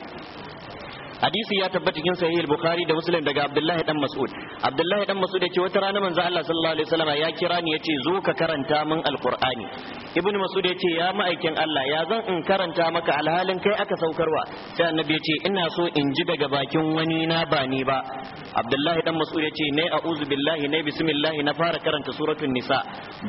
hadisi ya tabbata cikin sahih al-bukhari da muslim daga abdullahi dan mas'ud abdullahi dan mas'ud yace wata rana manzo Allah sallallahu alaihi wasallam ya kira ni yace zo ka karanta min alqur'ani ibnu mas'ud yace ya ma'aikin Allah ya zan in karanta maka alhalin kai aka saukarwa sai annabi yace ina so in ji daga bakin wani na ba ni ba abdullahi dan mas'ud yace ne a'udhu billahi ne bismillah na fara karanta suratul nisa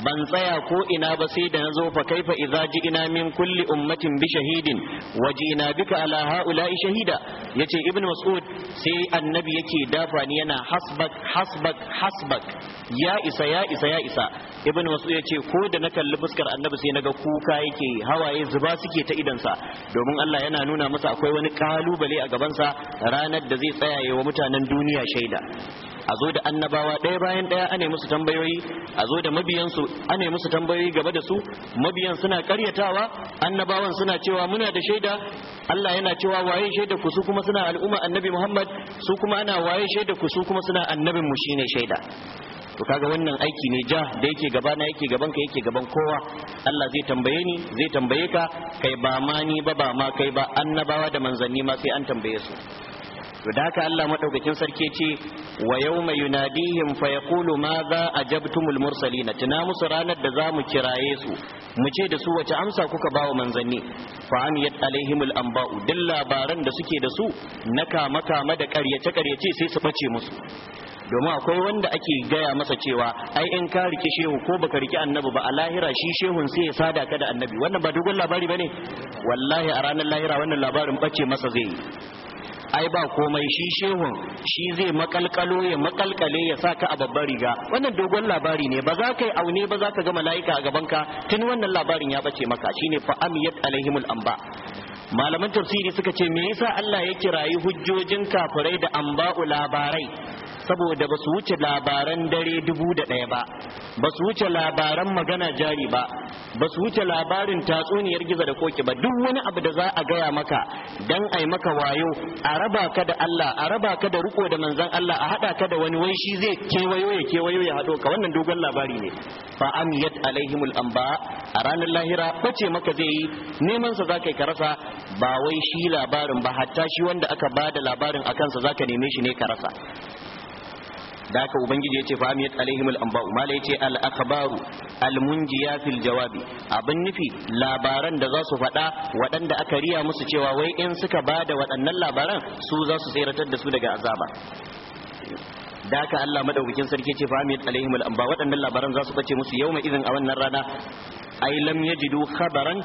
ban tsaya ko ina ba sai da nazo fa kaifa idza ina min kulli ummatin bi shahidin wajina bika ala ha'ula'i shahida yace ibn mas'ud sai annabi yake dafa ni yana hasbak hasbak hasbak ya isa ya isa ya isa ibn mas'ud yace ko da na kalli fuskar annabi sai naga kuka yake hawaye zuba suke ta sa domin Allah yana nuna masa akwai wani kalubale a gabansa ranar da zai tsaya wa mutanen duniya shaida a zo da annabawa ɗaya bayan ɗaya ane musu tambayoyi a zo da mabiyansu ane musu tambayoyi gaba da su mabiyan suna karyatawa annabawan suna cewa muna da shaida Allah yana cewa waye shaida ku su kuma suna al'umma annabi Muhammad su kuma ana waye shaida ku su kuma suna annabin mu shine shaida to kaga wannan aiki ne ja da yake gaba na yake gaban ka yake gaban kowa Allah zai tambaye ni zai tambaye ka kai ba ma ni ba ba ma kai ba annabawa da manzanni ma sai an tambaye su to da haka Allah madaukakin sarki ce wa yawma yunadihim fa yaqulu ma za ajabtumul mursalin tuna musu ranar da zamu kiraye su mu ce da su wace amsa kuka ba wa manzanni fa amiyat alaihimul amba'u duk labaran da suke da su na kama kama da ƙaryace ƙaryace sai su face musu domin akwai wanda ake gaya masa cewa ai in ka rike shehu ko baka rike annabi ba a lahira shi shehun sai ya sada ka da annabi wannan ba dogon labari bane wallahi a ranar lahira wannan labarin bace masa zai yi ai ba komai shi shehun shi zai makalkalo ya makalkale ya sa ka a babbar riga wannan dogon labari ne ba za ka yi aune ba za ka ga mala'ika a gaban ka tun wannan labarin ya bace maka shine fa amiyat alaihimul amba malaman tafsiri suka ce me yasa Allah ya kirayi hujjojin kafirai da anba'u labarai saboda ba su wuce labaran dare dubu da ɗaya ba ba su wuce labaran magana jari ba ba su wuce labarin tatsuniyar gizo da koki ba duk wani abu da za a gaya maka dan ai maka wayo a raba ka da Allah a raba ka da riko da manzon Allah a hada ka da wani wai shi zai kewayo ya kewayo ya hado ka wannan dogon labari ne fa amiyat alaihimul anba a ranar lahira bace maka zai yi neman sa zakai ka rasa ba wai shi labarin ba hatta shi wanda aka bada labarin akan sa zaka neme shi ne ka rasa da haka ubangiji ya fa amiyat alaihim al mala yace al al'akabaru al fil jawabi abin nufi labaran da za su faɗa waɗanda aka riya musu cewa wai in suka da waɗannan labaran su za su tseratar da su daga azaba da haka Allah madaukakin sarki ce fa alaihim al waɗannan labaran za su bace musu yau mai izin a wannan rana ai lam yajidu khabaran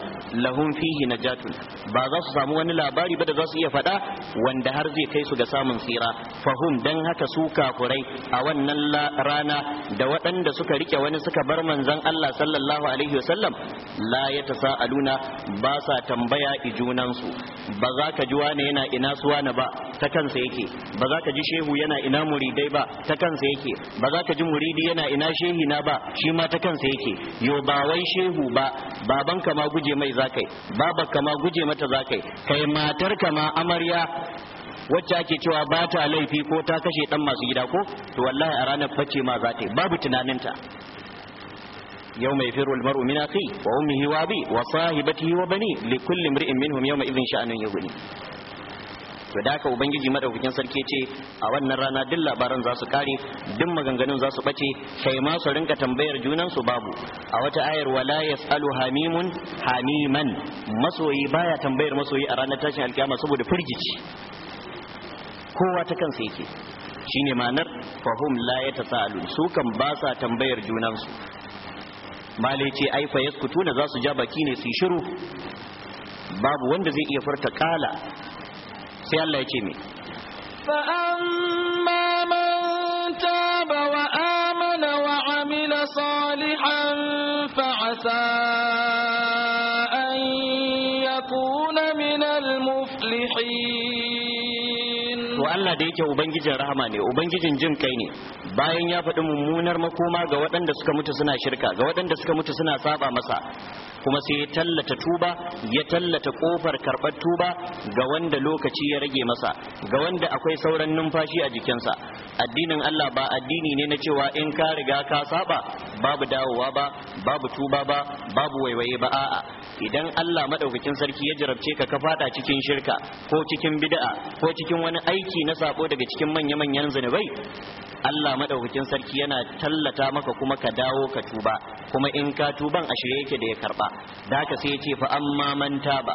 lahum fihi najatun ba za su samu wani labari ba da za su iya faɗa wanda har zai kai su ga samun tsira fahum dan haka su kafurai a wannan rana da waɗanda suka rike wani suka bar manzon Allah sallallahu alaihi wasallam la yatasaaluna ba sa tambaya ijunan su ba za ka ji wani yana ina su wani ba ta kansa yake ba za ka ji shehu yana ina muridai ba ta kansa yake ba za ka ji muridi yana ina shehi na ba shi ma ta kansa yake yo ba wai shehu ihu ba baban ka ma guje mai zakai babar ka ma guje mata zakai kai matar ka ma amarya wacce ake cewa ba ta laifi ko ta kashe dan masu gida ko to wallahi a ranar face ma za ta yi babu tunaninta يوم يفر المرء من أخيه وأمه وأبيه وصاحبته وبنيه imrin minhum yawma idhin sha'anun yughni to da haka ubangiji madaukakin sarki ce a wannan rana duk labaran za su kare duk maganganun za su bace kai ma su rinka tambayar junan su babu a wata ayar wala yasalu hamimun hamiman masoyi baya tambayar masoyi a ranar tashin alkiyama saboda firgici kowa ta kansa yake shine ma'anar fahum la yatasaalun su kan ba sa tambayar junansu malai ce ai fa yaskutuna za su ja baki ne su shiru babu wanda zai iya furta kala sai Allah ya ce me fa amma man taba wa amana wa amila salihan fa asa an yakuna min al muflihin to Allah da yake ubangijin rahama ne ubangijin jin kai ne bayan ya faɗi mummunar makoma ga waɗanda suka mutu suna shirka ga waɗanda suka mutu suna saba masa kuma sai ya tallata tuba ya tallata kofar karɓar tuba ga wanda lokaci ya rage masa ga wanda akwai sauran numfashi a jikinsa addinin Allah ba addini ne na cewa in ka riga ka saba babu dawowa ba babu tuba ba babu waiwaye ba a'a idan Allah madaukakin sarki ya jarabce ka ka fada cikin shirka ko cikin bid'a ko cikin wani aiki na sako daga cikin manya-manyan zanubai Allah madaukakin sarki yana tallata maka kuma ka dawo ka tuba kuma in ka tuban a yake da ya karba da haka sai ya ce fa amma man taba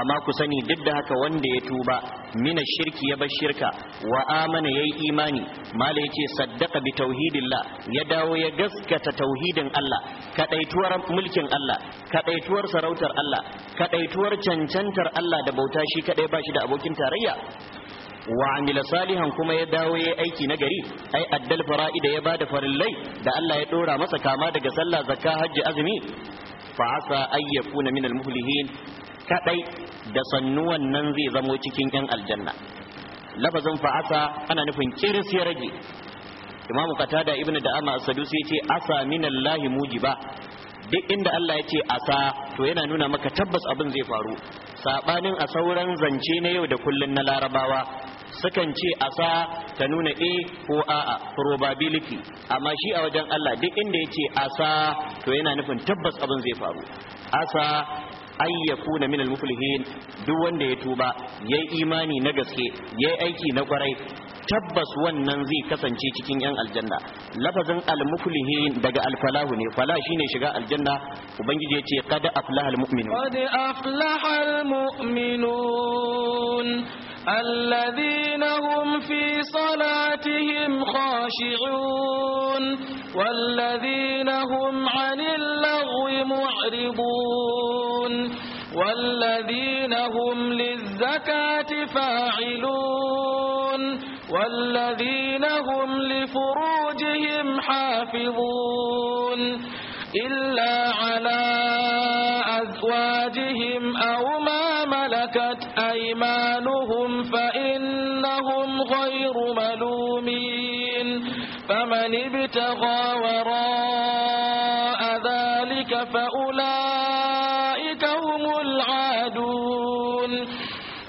amma ku sani duk da haka wanda ya tuba mina shirki ya bar shirka wa amana yayi imani mala yace saddaqa bi tauhidillah ya dawo ya gaskata tauhidin Allah kadaituwar mulkin Allah kadaituwar sarautar Allah kadaituwar cancantar Allah da bauta shi kadai ba shi da abokin tarayya wa amila salihan kuma ya dawo ya aiki na gari ai addal fara'ida ya bada farillai da Allah ya dora masa kama daga sallah zakka hajji azumi fa'asa ayyakuna minal muhlihin kadai da sannuwan nan zai zamo cikin yan aljanna lafazin fa'asa ana nufin kiris ya rage imamu qatada ibnu da'ama as-sadusi yace asa minallahi mujiba duk inda Allah ya ce asa to yana nuna maka tabbas abin zai faru saɓanin a sauran zance na yau da kullun na larabawa sukan ce asa ta nuna a eh ko a'a probability amma shi a wajen Allah duk inda ya ce asa to yana nufin tabbas abin zai faru asa an na minal muflihin duk wanda ya tuba yayi imani na gaske yayi aiki na kwarai tabbas wannan zai kasance cikin yan aljanna lafazin almuflihin daga alfalahu ne fala shine shiga aljanna ubangiji ya ce qad aflaha almu'minun qad aflaha almu'minun الذين هم في صلاتهم خاشعون والذين هم عن اللغو معرضون والذين هم للزكاة فاعلون والذين هم لفروجهم حافظون إلا على أزواجهم أو ما ملكت أيمانهم فإنهم غير ملومين فمن ابتغى وراء ذلك فأولئك هم العادون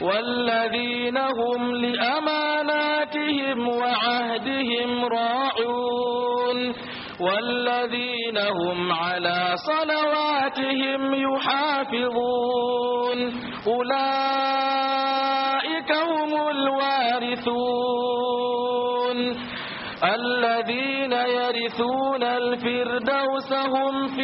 والذين هم لأماناتهم وعهدهم راعون والذين هم على صلواتهم يحافظون أولئك هم الوارثون الذين يرثون الفردوس هم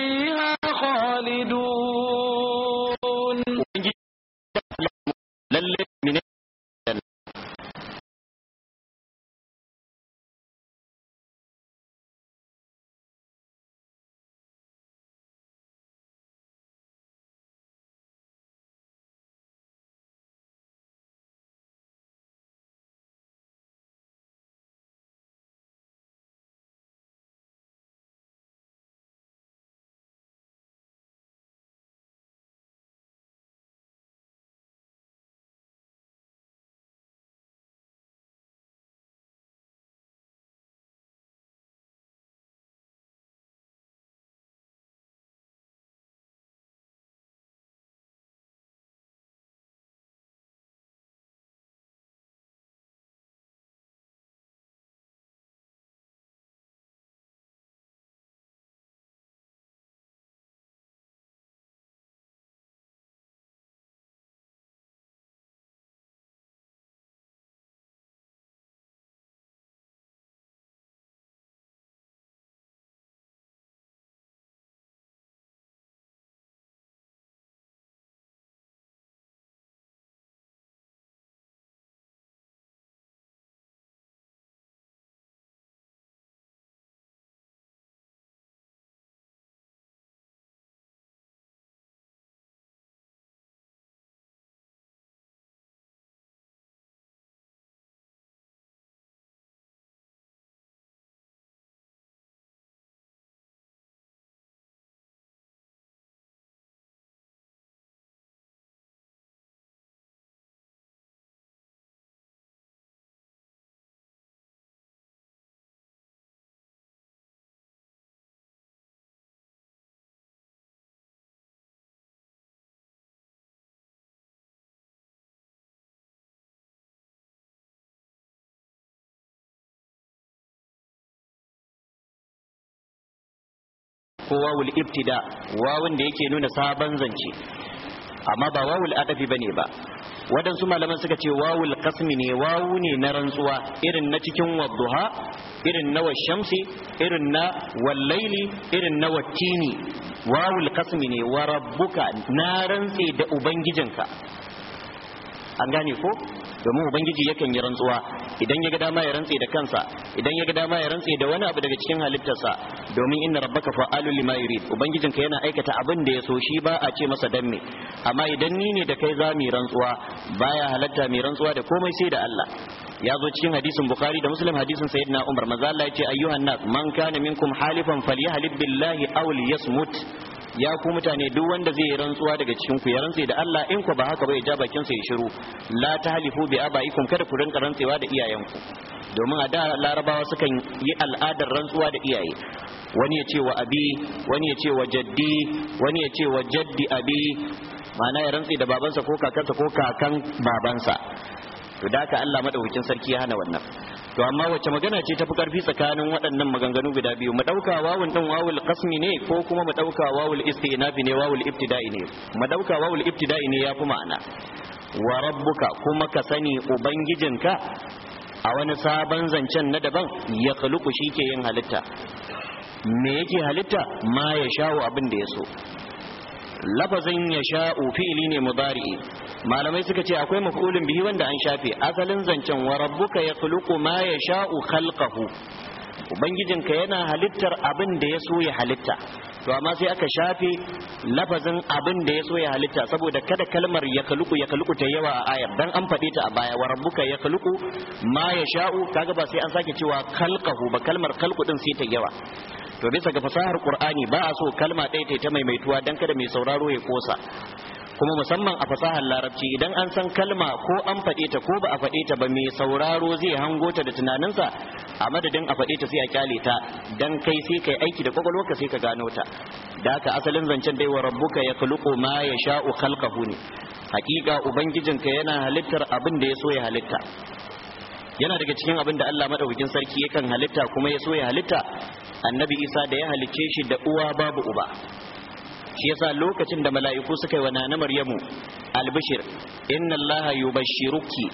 ko wawul ibtida wawun da yake nuna sabon zance amma ba wawul adafi bane ba waɗansu malaman suka ce wawul kasmi ne wawu ne na rantsuwa irin na cikin wadduha irin na shamsi irin na wallaili irin na wattini wawul kasmi ne wa rabbuka na rantse da ubangijinka an gane ko domin ubangiji yakan yi rantsuwa idan ya ga dama ya rantse da kansa idan ya ga dama ya rantse da wani abu daga cikin halittarsa domin inna rabbaka fa'alu lima yurid ka yana aikata abin da ya so shi ba a ce masa danne. amma idan ni ne da kai za mu rantsuwa baya halatta mai rantsuwa da komai sai da Allah ya zo cikin hadisin bukhari da muslim hadisin sayyidina umar maza Allah ya ce ayyuhan nas man kana minkum halifan falyahlib billahi aw liyasmut ya ku mutane duk wanda zai yi rantsuwa daga cikin ku ya rantse da Allah in ku ba haka ba ya ja bakin sa ya shiru la tahlifu bi abaikum kada ku rinka rantsewa da iyayenku domin a da larabawa sukan yi al'adar rantsuwa da iyaye wani ya ce wa abi wani ya ce wa jaddi wani ya ce wa jaddi abi ma'ana ya rantse da babansa ko kakansa ko kakan babansa to da ka Allah madaukakin sarki ya hana wannan to amma wacce magana ce tafi karfi tsakanin waɗannan maganganu guda biyu mu dauka wawul ɗin wawul qasmi ne ko kuma mu dauka wawul istinafi ne wawul ibtida'i ne mu dauka wawul ibtida'i ne yafi ma'ana wa rabbuka kuma ka sani ubangijinka a wani sabon zancen na daban ya khluqu shi ke yin halitta me yake halitta ma ya shawo abin da ya so lafazin ya sha'u fi'ili ne mubari'i malamai suka ce akwai maf'ulin bihi wanda an shafe asalin zancen wa rabbuka yakhluqu ma sha'u khalqahu ubangijinka yana halittar abin da ya so ya halitta to amma sai aka shafe lafazin abin da ya so ya halitta saboda kada kalmar ya kaluku ya kaluku ta yawa a ayar dan an faɗe ta a baya wa rabbuka ya kaluku ma ya sha'u kaga ba sai an sake cewa kalqahu ba kalmar kalku din sai ta yawa to bisa ga fasahar qur'ani ba a so kalma ɗaya ta maimaituwa dan kada mai sauraro ya kosa kuma musamman a fasahar larabci idan an san kalma ko an faɗe ta ko ba a faɗe ta ba mai sauraro zai hango ta da tunaninsa a madadin a faɗe ta sai a kyale ta dan kai sai kai aiki da kwakwalwarka sai ka gano ta da haka asalin zancen dai wa rabbuka ya khluqu ma yasha'u khalqahu ne hakika ubangijinka yana halittar abin da ya so ya halitta yana daga cikin abin da Allah madaukakin sarki yakan halitta kuma ya so ya halitta annabi Isa da ya halicce shi da uwa babu uba shi yasa lokacin da mala'iku suka yi wa nana maryamu albishir inna allaha yubashshiruki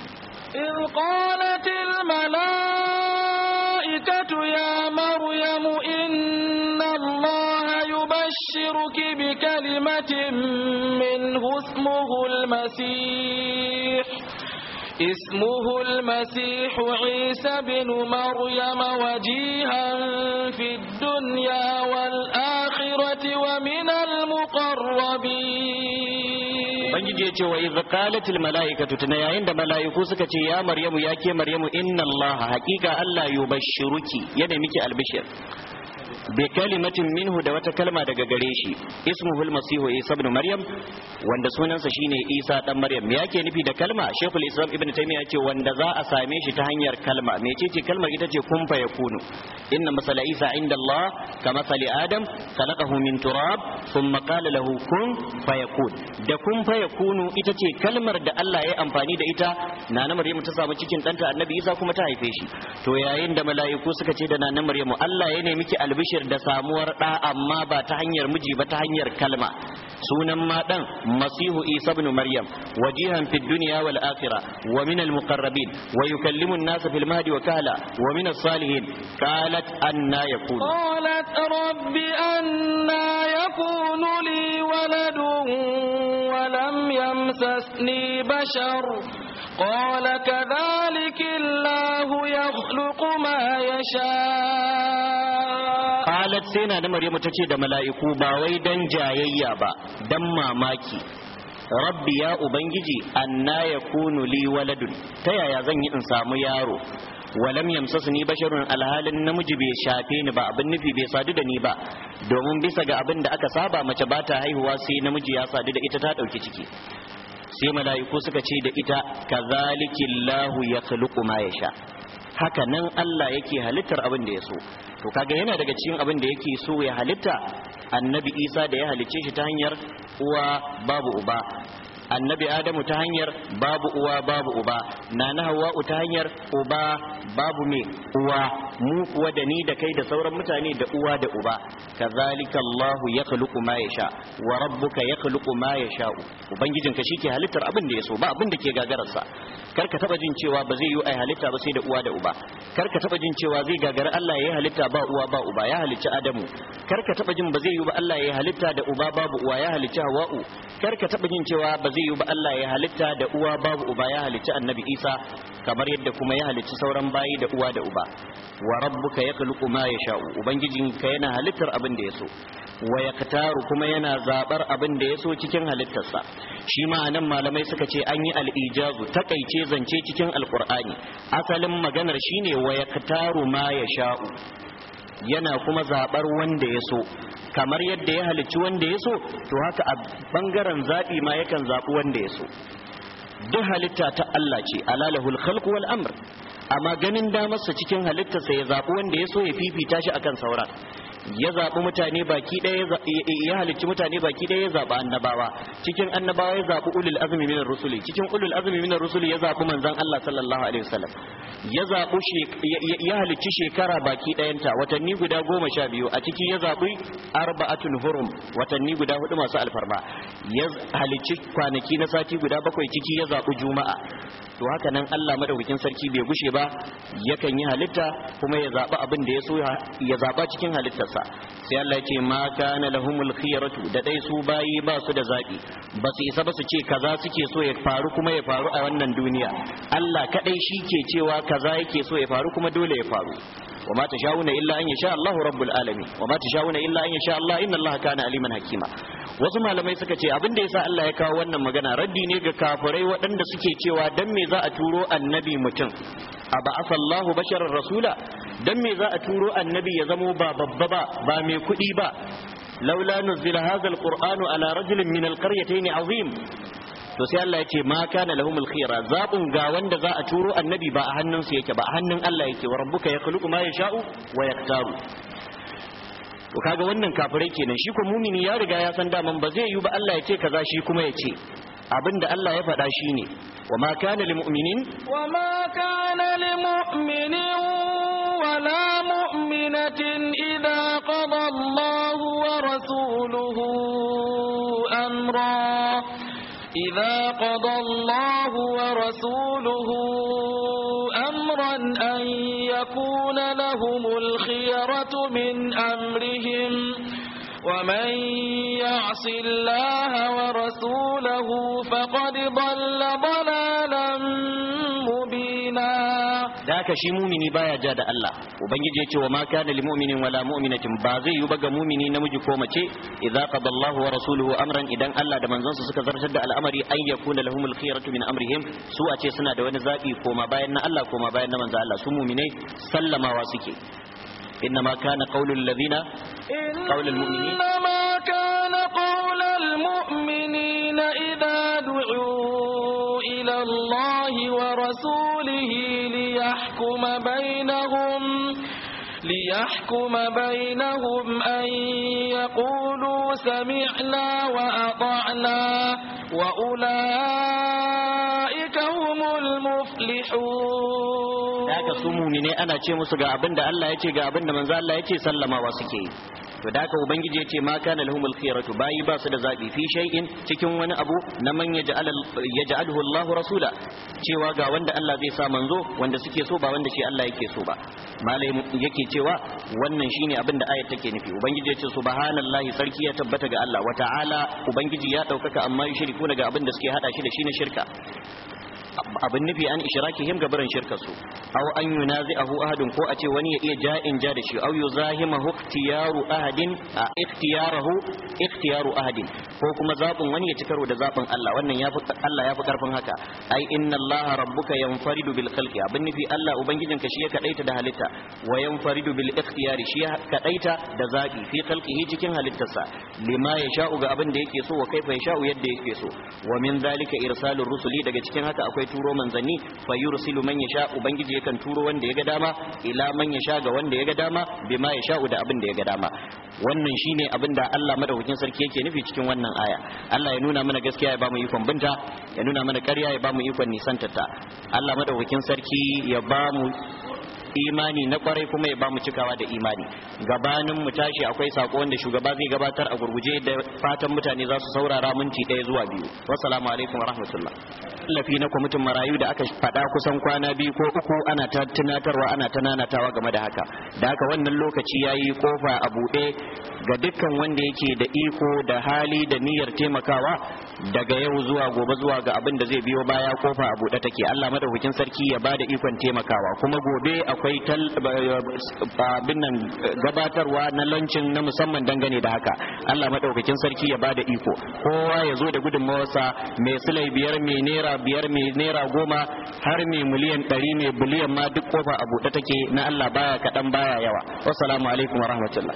in qalatil mala'ikatu ya maryamu inna allaha yubashshiruki bi kalimatin minhu ismuhu masih اسمه المسيح عيسى بن مريم وجيها في الدنيا والآخرة ومن المقربين وإذ قالت الملائكة تنيا عند ملائكة سكتي يا مريم يا كي مريم إن الله حقيقة ألا يبشرك يعني مكي البشر bi kalimatin minhu da wata kalma daga gare shi ismuhul masihu isa ibn maryam wanda sunansa shine isa dan maryam me yake nufi da kalma shekul islam ibn taymiya ce wanda za a same shi ta hanyar kalma mecece kalmar ita ce kun fa yakunu inna masala isa inda allah ka masali adam khalaqahu min turab thumma qala lahu kun fa yakun da kun fa yakunu ita ce kalmar da allah ya amfani da ita nana maryamu ta samu cikin ɗanta annabi isa kuma ta haife shi to yayin da mala'iku suka ce da nana maryamu allah ya nemi ki albishir da samuwar da amma ba ta hanyar miji ba ta hanyar kalma sunan ma ɗan masihu isa ibn maryam wajihan fid dunya wal akhira wa min al muqarrabin wa yukallimu an nas fil mahdi wa kala wa min as salihin qalat anna yakun qalat rabbi anna yakun li waladun wa lam yamsasni bashar قال كذلك الله يخلق ما يشاء qalat sai na da maryamu tace da mala'iku ba wai dan jayayya ba dan mamaki rabbi ya ubangiji anna yakunu li waladun ta yaya zan yi in samu yaro walam yamsasni basharun alhalin namiji bai shafe ni ba abin nufi bai sadu da ni ba domin bisa ga abin da aka saba mace ba ta haihuwa sai namiji ya sadu da ita ta dauki ciki sai mala'iku suka ce da ita kazalikillahu yakhluqu ma yasha haka nan Allah yake halittar abin da ya so to kaga yana daga cikin abin da yake so ya halitta annabi Isa da ya halicce shi ta hanyar uwa babu uba annabi adamu ta hanyar babu uwa babu uba nana hawa'u ta hanyar uba babu me uwa mu kuwa da ni da kai da sauran mutane da uwa da uba kazalika Allahu yakhluqu ma yasha wa rabbuka yakhluqu ma yasha ubangijinka shike halittar abin da ya so ba abin da ke gagararsa kar ka taba jin cewa ba zai yi ai halitta ba sai da uwa da uba kar ka taba jin cewa zai gagara Allah ya yi halitta ba uwa ba uba ya halicci Adamu kar ka taba jin ba zai yi ba Allah ya yi halitta da uba babu uwa ya halicci Hawwa'u kar ka taba jin cewa ba zai yi ba Allah ya halitta da uwa babu uba ya halicci Annabi Isa kamar yadda kuma ya halicci sauran bayi da uwa da uba wa rabbuka yakhluqu ma yasha'u ka yana halittar abin da ya so wa yaktaru kuma yana zabar abin da ya so cikin halittarsa shi ma nan malamai suka ce an yi al-ijazu takaice zance cikin alkur'ani asalin maganar shine wa yaktaru ma sha'u yana kuma zabar wanda ya so kamar yadda ya halicci wanda ya so to haka a bangaren zaɓi ma yakan zaɓi wanda ya so duk halitta ta Allah ce alalahul khalqu wal amr amma ganin damarsa cikin halittarsa ya zaɓi wanda ya so ya fifita shi akan sauran ya zaɓi mutane baki ɗaya ya halicci mutane baki ɗaya ya zaɓi annabawa cikin annabawa ya zaɓi ulul azumi minar rusuli cikin ulul azumi minar rusuli ya zaɓi manzon Allah sallallahu alaihi wasallam ya zaɓi ya halicci shekara baki ɗayanta watanni guda goma sha biyu a ciki ya zaɓi arba'atun hurum watanni guda hudu masu alfarma ya halicci kwanaki na sati guda bakwai ciki ya zaɓi juma'a to haka nan Allah madaukakin sarki bai gushe ba yakan yi halitta kuma ya zaɓi abin da ya so ya zaɓa cikin halitta rahamarsa sai Allah ce ma kana lahumul khiyaratu da dai su bayi ba su da zabi ba su isa ba su ce kaza suke so ya faru kuma ya faru a wannan duniya Allah kadai shi ke cewa kaza yake so ya faru kuma dole ya faru wa ma tashauna illa an yasha Allah rabbul alamin wa ma tashauna illa an yasha Allah inna Allah kana aliman hakima wasu malamai suka ce abin da yasa Allah ya kawo wannan magana raddi ne ga kafirai waɗanda suke cewa dan me za a turo annabi mutum a ba'atha Allah basharar rasula dan me za a turo annabi ya zamo ba babba ba ba mai kuɗi ba laula nuzila hadha alqur'anu ala rajulin min alqaryatayn azim to sai Allah ya ce ma kana lahumul khira zabun ga wanda za a turo annabi ba a hannunsu yake ba a hannun Allah yake wa rabbuka yakhluqu ma yasha'u wa yaktaru to kaga wannan kafirai kenan shi ko mumini ya riga ya san daman ba zai yi ba Allah ya ce kaza shi kuma ya ce abinda Allah ya faɗa shi wa ma kana lil wa ma kana lil wa la mu'minatin إذا قضى الله ورسوله أمرا أن يكون لهم الخيرة من أمرهم ومن يعص الله ورسوله فقد ضل ضلالا مبينا ذاك شي نبايا بايا جاد الله ubangiji ya ce wa ma kana lil mu'minin wala mu'minatin ba zai yi ba ga mu'mini namiji ko mace idza qadallahu wa rasuluhu amran idan Allah da manzonsa suka zartar da al'amari an yakuna lahumul khiyaratu min amrihim su a ce suna da wani zabi koma bayan na Allah koma bayan na manzo Allah su mu'minai sallamawa suke إنما كان قول الذين قول المؤمنين إنما كان قول المؤمنين إذا دعوا إلى الله ورسوله ليحكم بينهم ليحكم بينهم أن يقولوا سمعنا وأطعنا وأولئك tuflihun haka su mumine ana ce musu ga abin da Allah ya ce ga abin da manzo Allah ya ce sallamawa suke to da ubangiji ya ce ma kana lahumul khiyaratu bayi ba su da zabi fi shay'in cikin wani abu na man yaj'alhu Allah rasula cewa ga wanda Allah zai sa manzo wanda suke so ba wanda shi Allah yake so ba malai yake cewa wannan shine abin da ayat take nufi ubangiji ya ce subhanallahi sarki ya tabbata ga Allah wa ta'ala ubangiji ya daukaka amma yushrikuna ga abin da suke hada shi da shi na shirka abin nufi an ishrakihim gabaran shirkarsu aw an yunazi'ahu ahadun ko a ce wani ya iya ja'in ja da shi aw yuzahimahu ikhtiyaru ahadin a ikhtiyaruhu ikhtiyaru ahadin ko kuma zabin wani ya ci karo da zabin Allah wannan yafi Allah yafi karfin haka ai inna Allah rabbuka yanfaridu bil khalqi abin nufi Allah ubangijinka shi ya kadaita da halitta wa yanfaridu bil ikhtiyari shi ya kadaita da zabi fi khalqihi cikin halittarsa lima yasha'u ga abin da yake so wa kaifa yasha'u yadda yake so wa min zalika irsalur rusuli daga cikin haka akwai turo manzanni fa yursilu man yasha ubangiji yakan turo wanda ya ga dama ila man yasha ga wanda ya ga dama bima yasha da abin da ya ga dama wannan shine abin da Allah madaukakin sarki yake nufi cikin wannan aya Allah ya nuna mana gaskiya ya ba mu ikon binta ya nuna mana ƙarya ya ba mu ikon nisantarta Allah madaukakin sarki ya ba mu imani na kwarai kuma ya bamu cikawa da imani gabanin mu tashi akwai sako wanda shugaba zai gabatar a gurguje da fatan mutane za su saurara minti ɗaya zuwa biyu wassalamu alaikum warahmatullah tallafi na kwamitin marayu da aka faɗa kusan kwana biyu ko uku ana ta tunatarwa ana ta nanatawa game da haka da haka wannan lokaci yayi kofa a buɗe ga dukkan wanda yake da iko da hali da niyyar taimakawa daga yau zuwa gobe zuwa ga abin da zai biyo baya kofa a buɗe take Allah madaukakin sarki ya bada ikon taimakawa kuma gobe a akwai abin nan gabatarwa na lancin na musamman dangane da haka Allah maɗaukakin sarki ya bada iko kowa ya zo da gudun mawasa mai silai biyar mai naira biyar mai naira goma har mai miliyan ɗari mai biliyan ma duk kofa a buɗe take na Allah baya kaɗan baya yawa wassalamu alaikum wa rahmatullah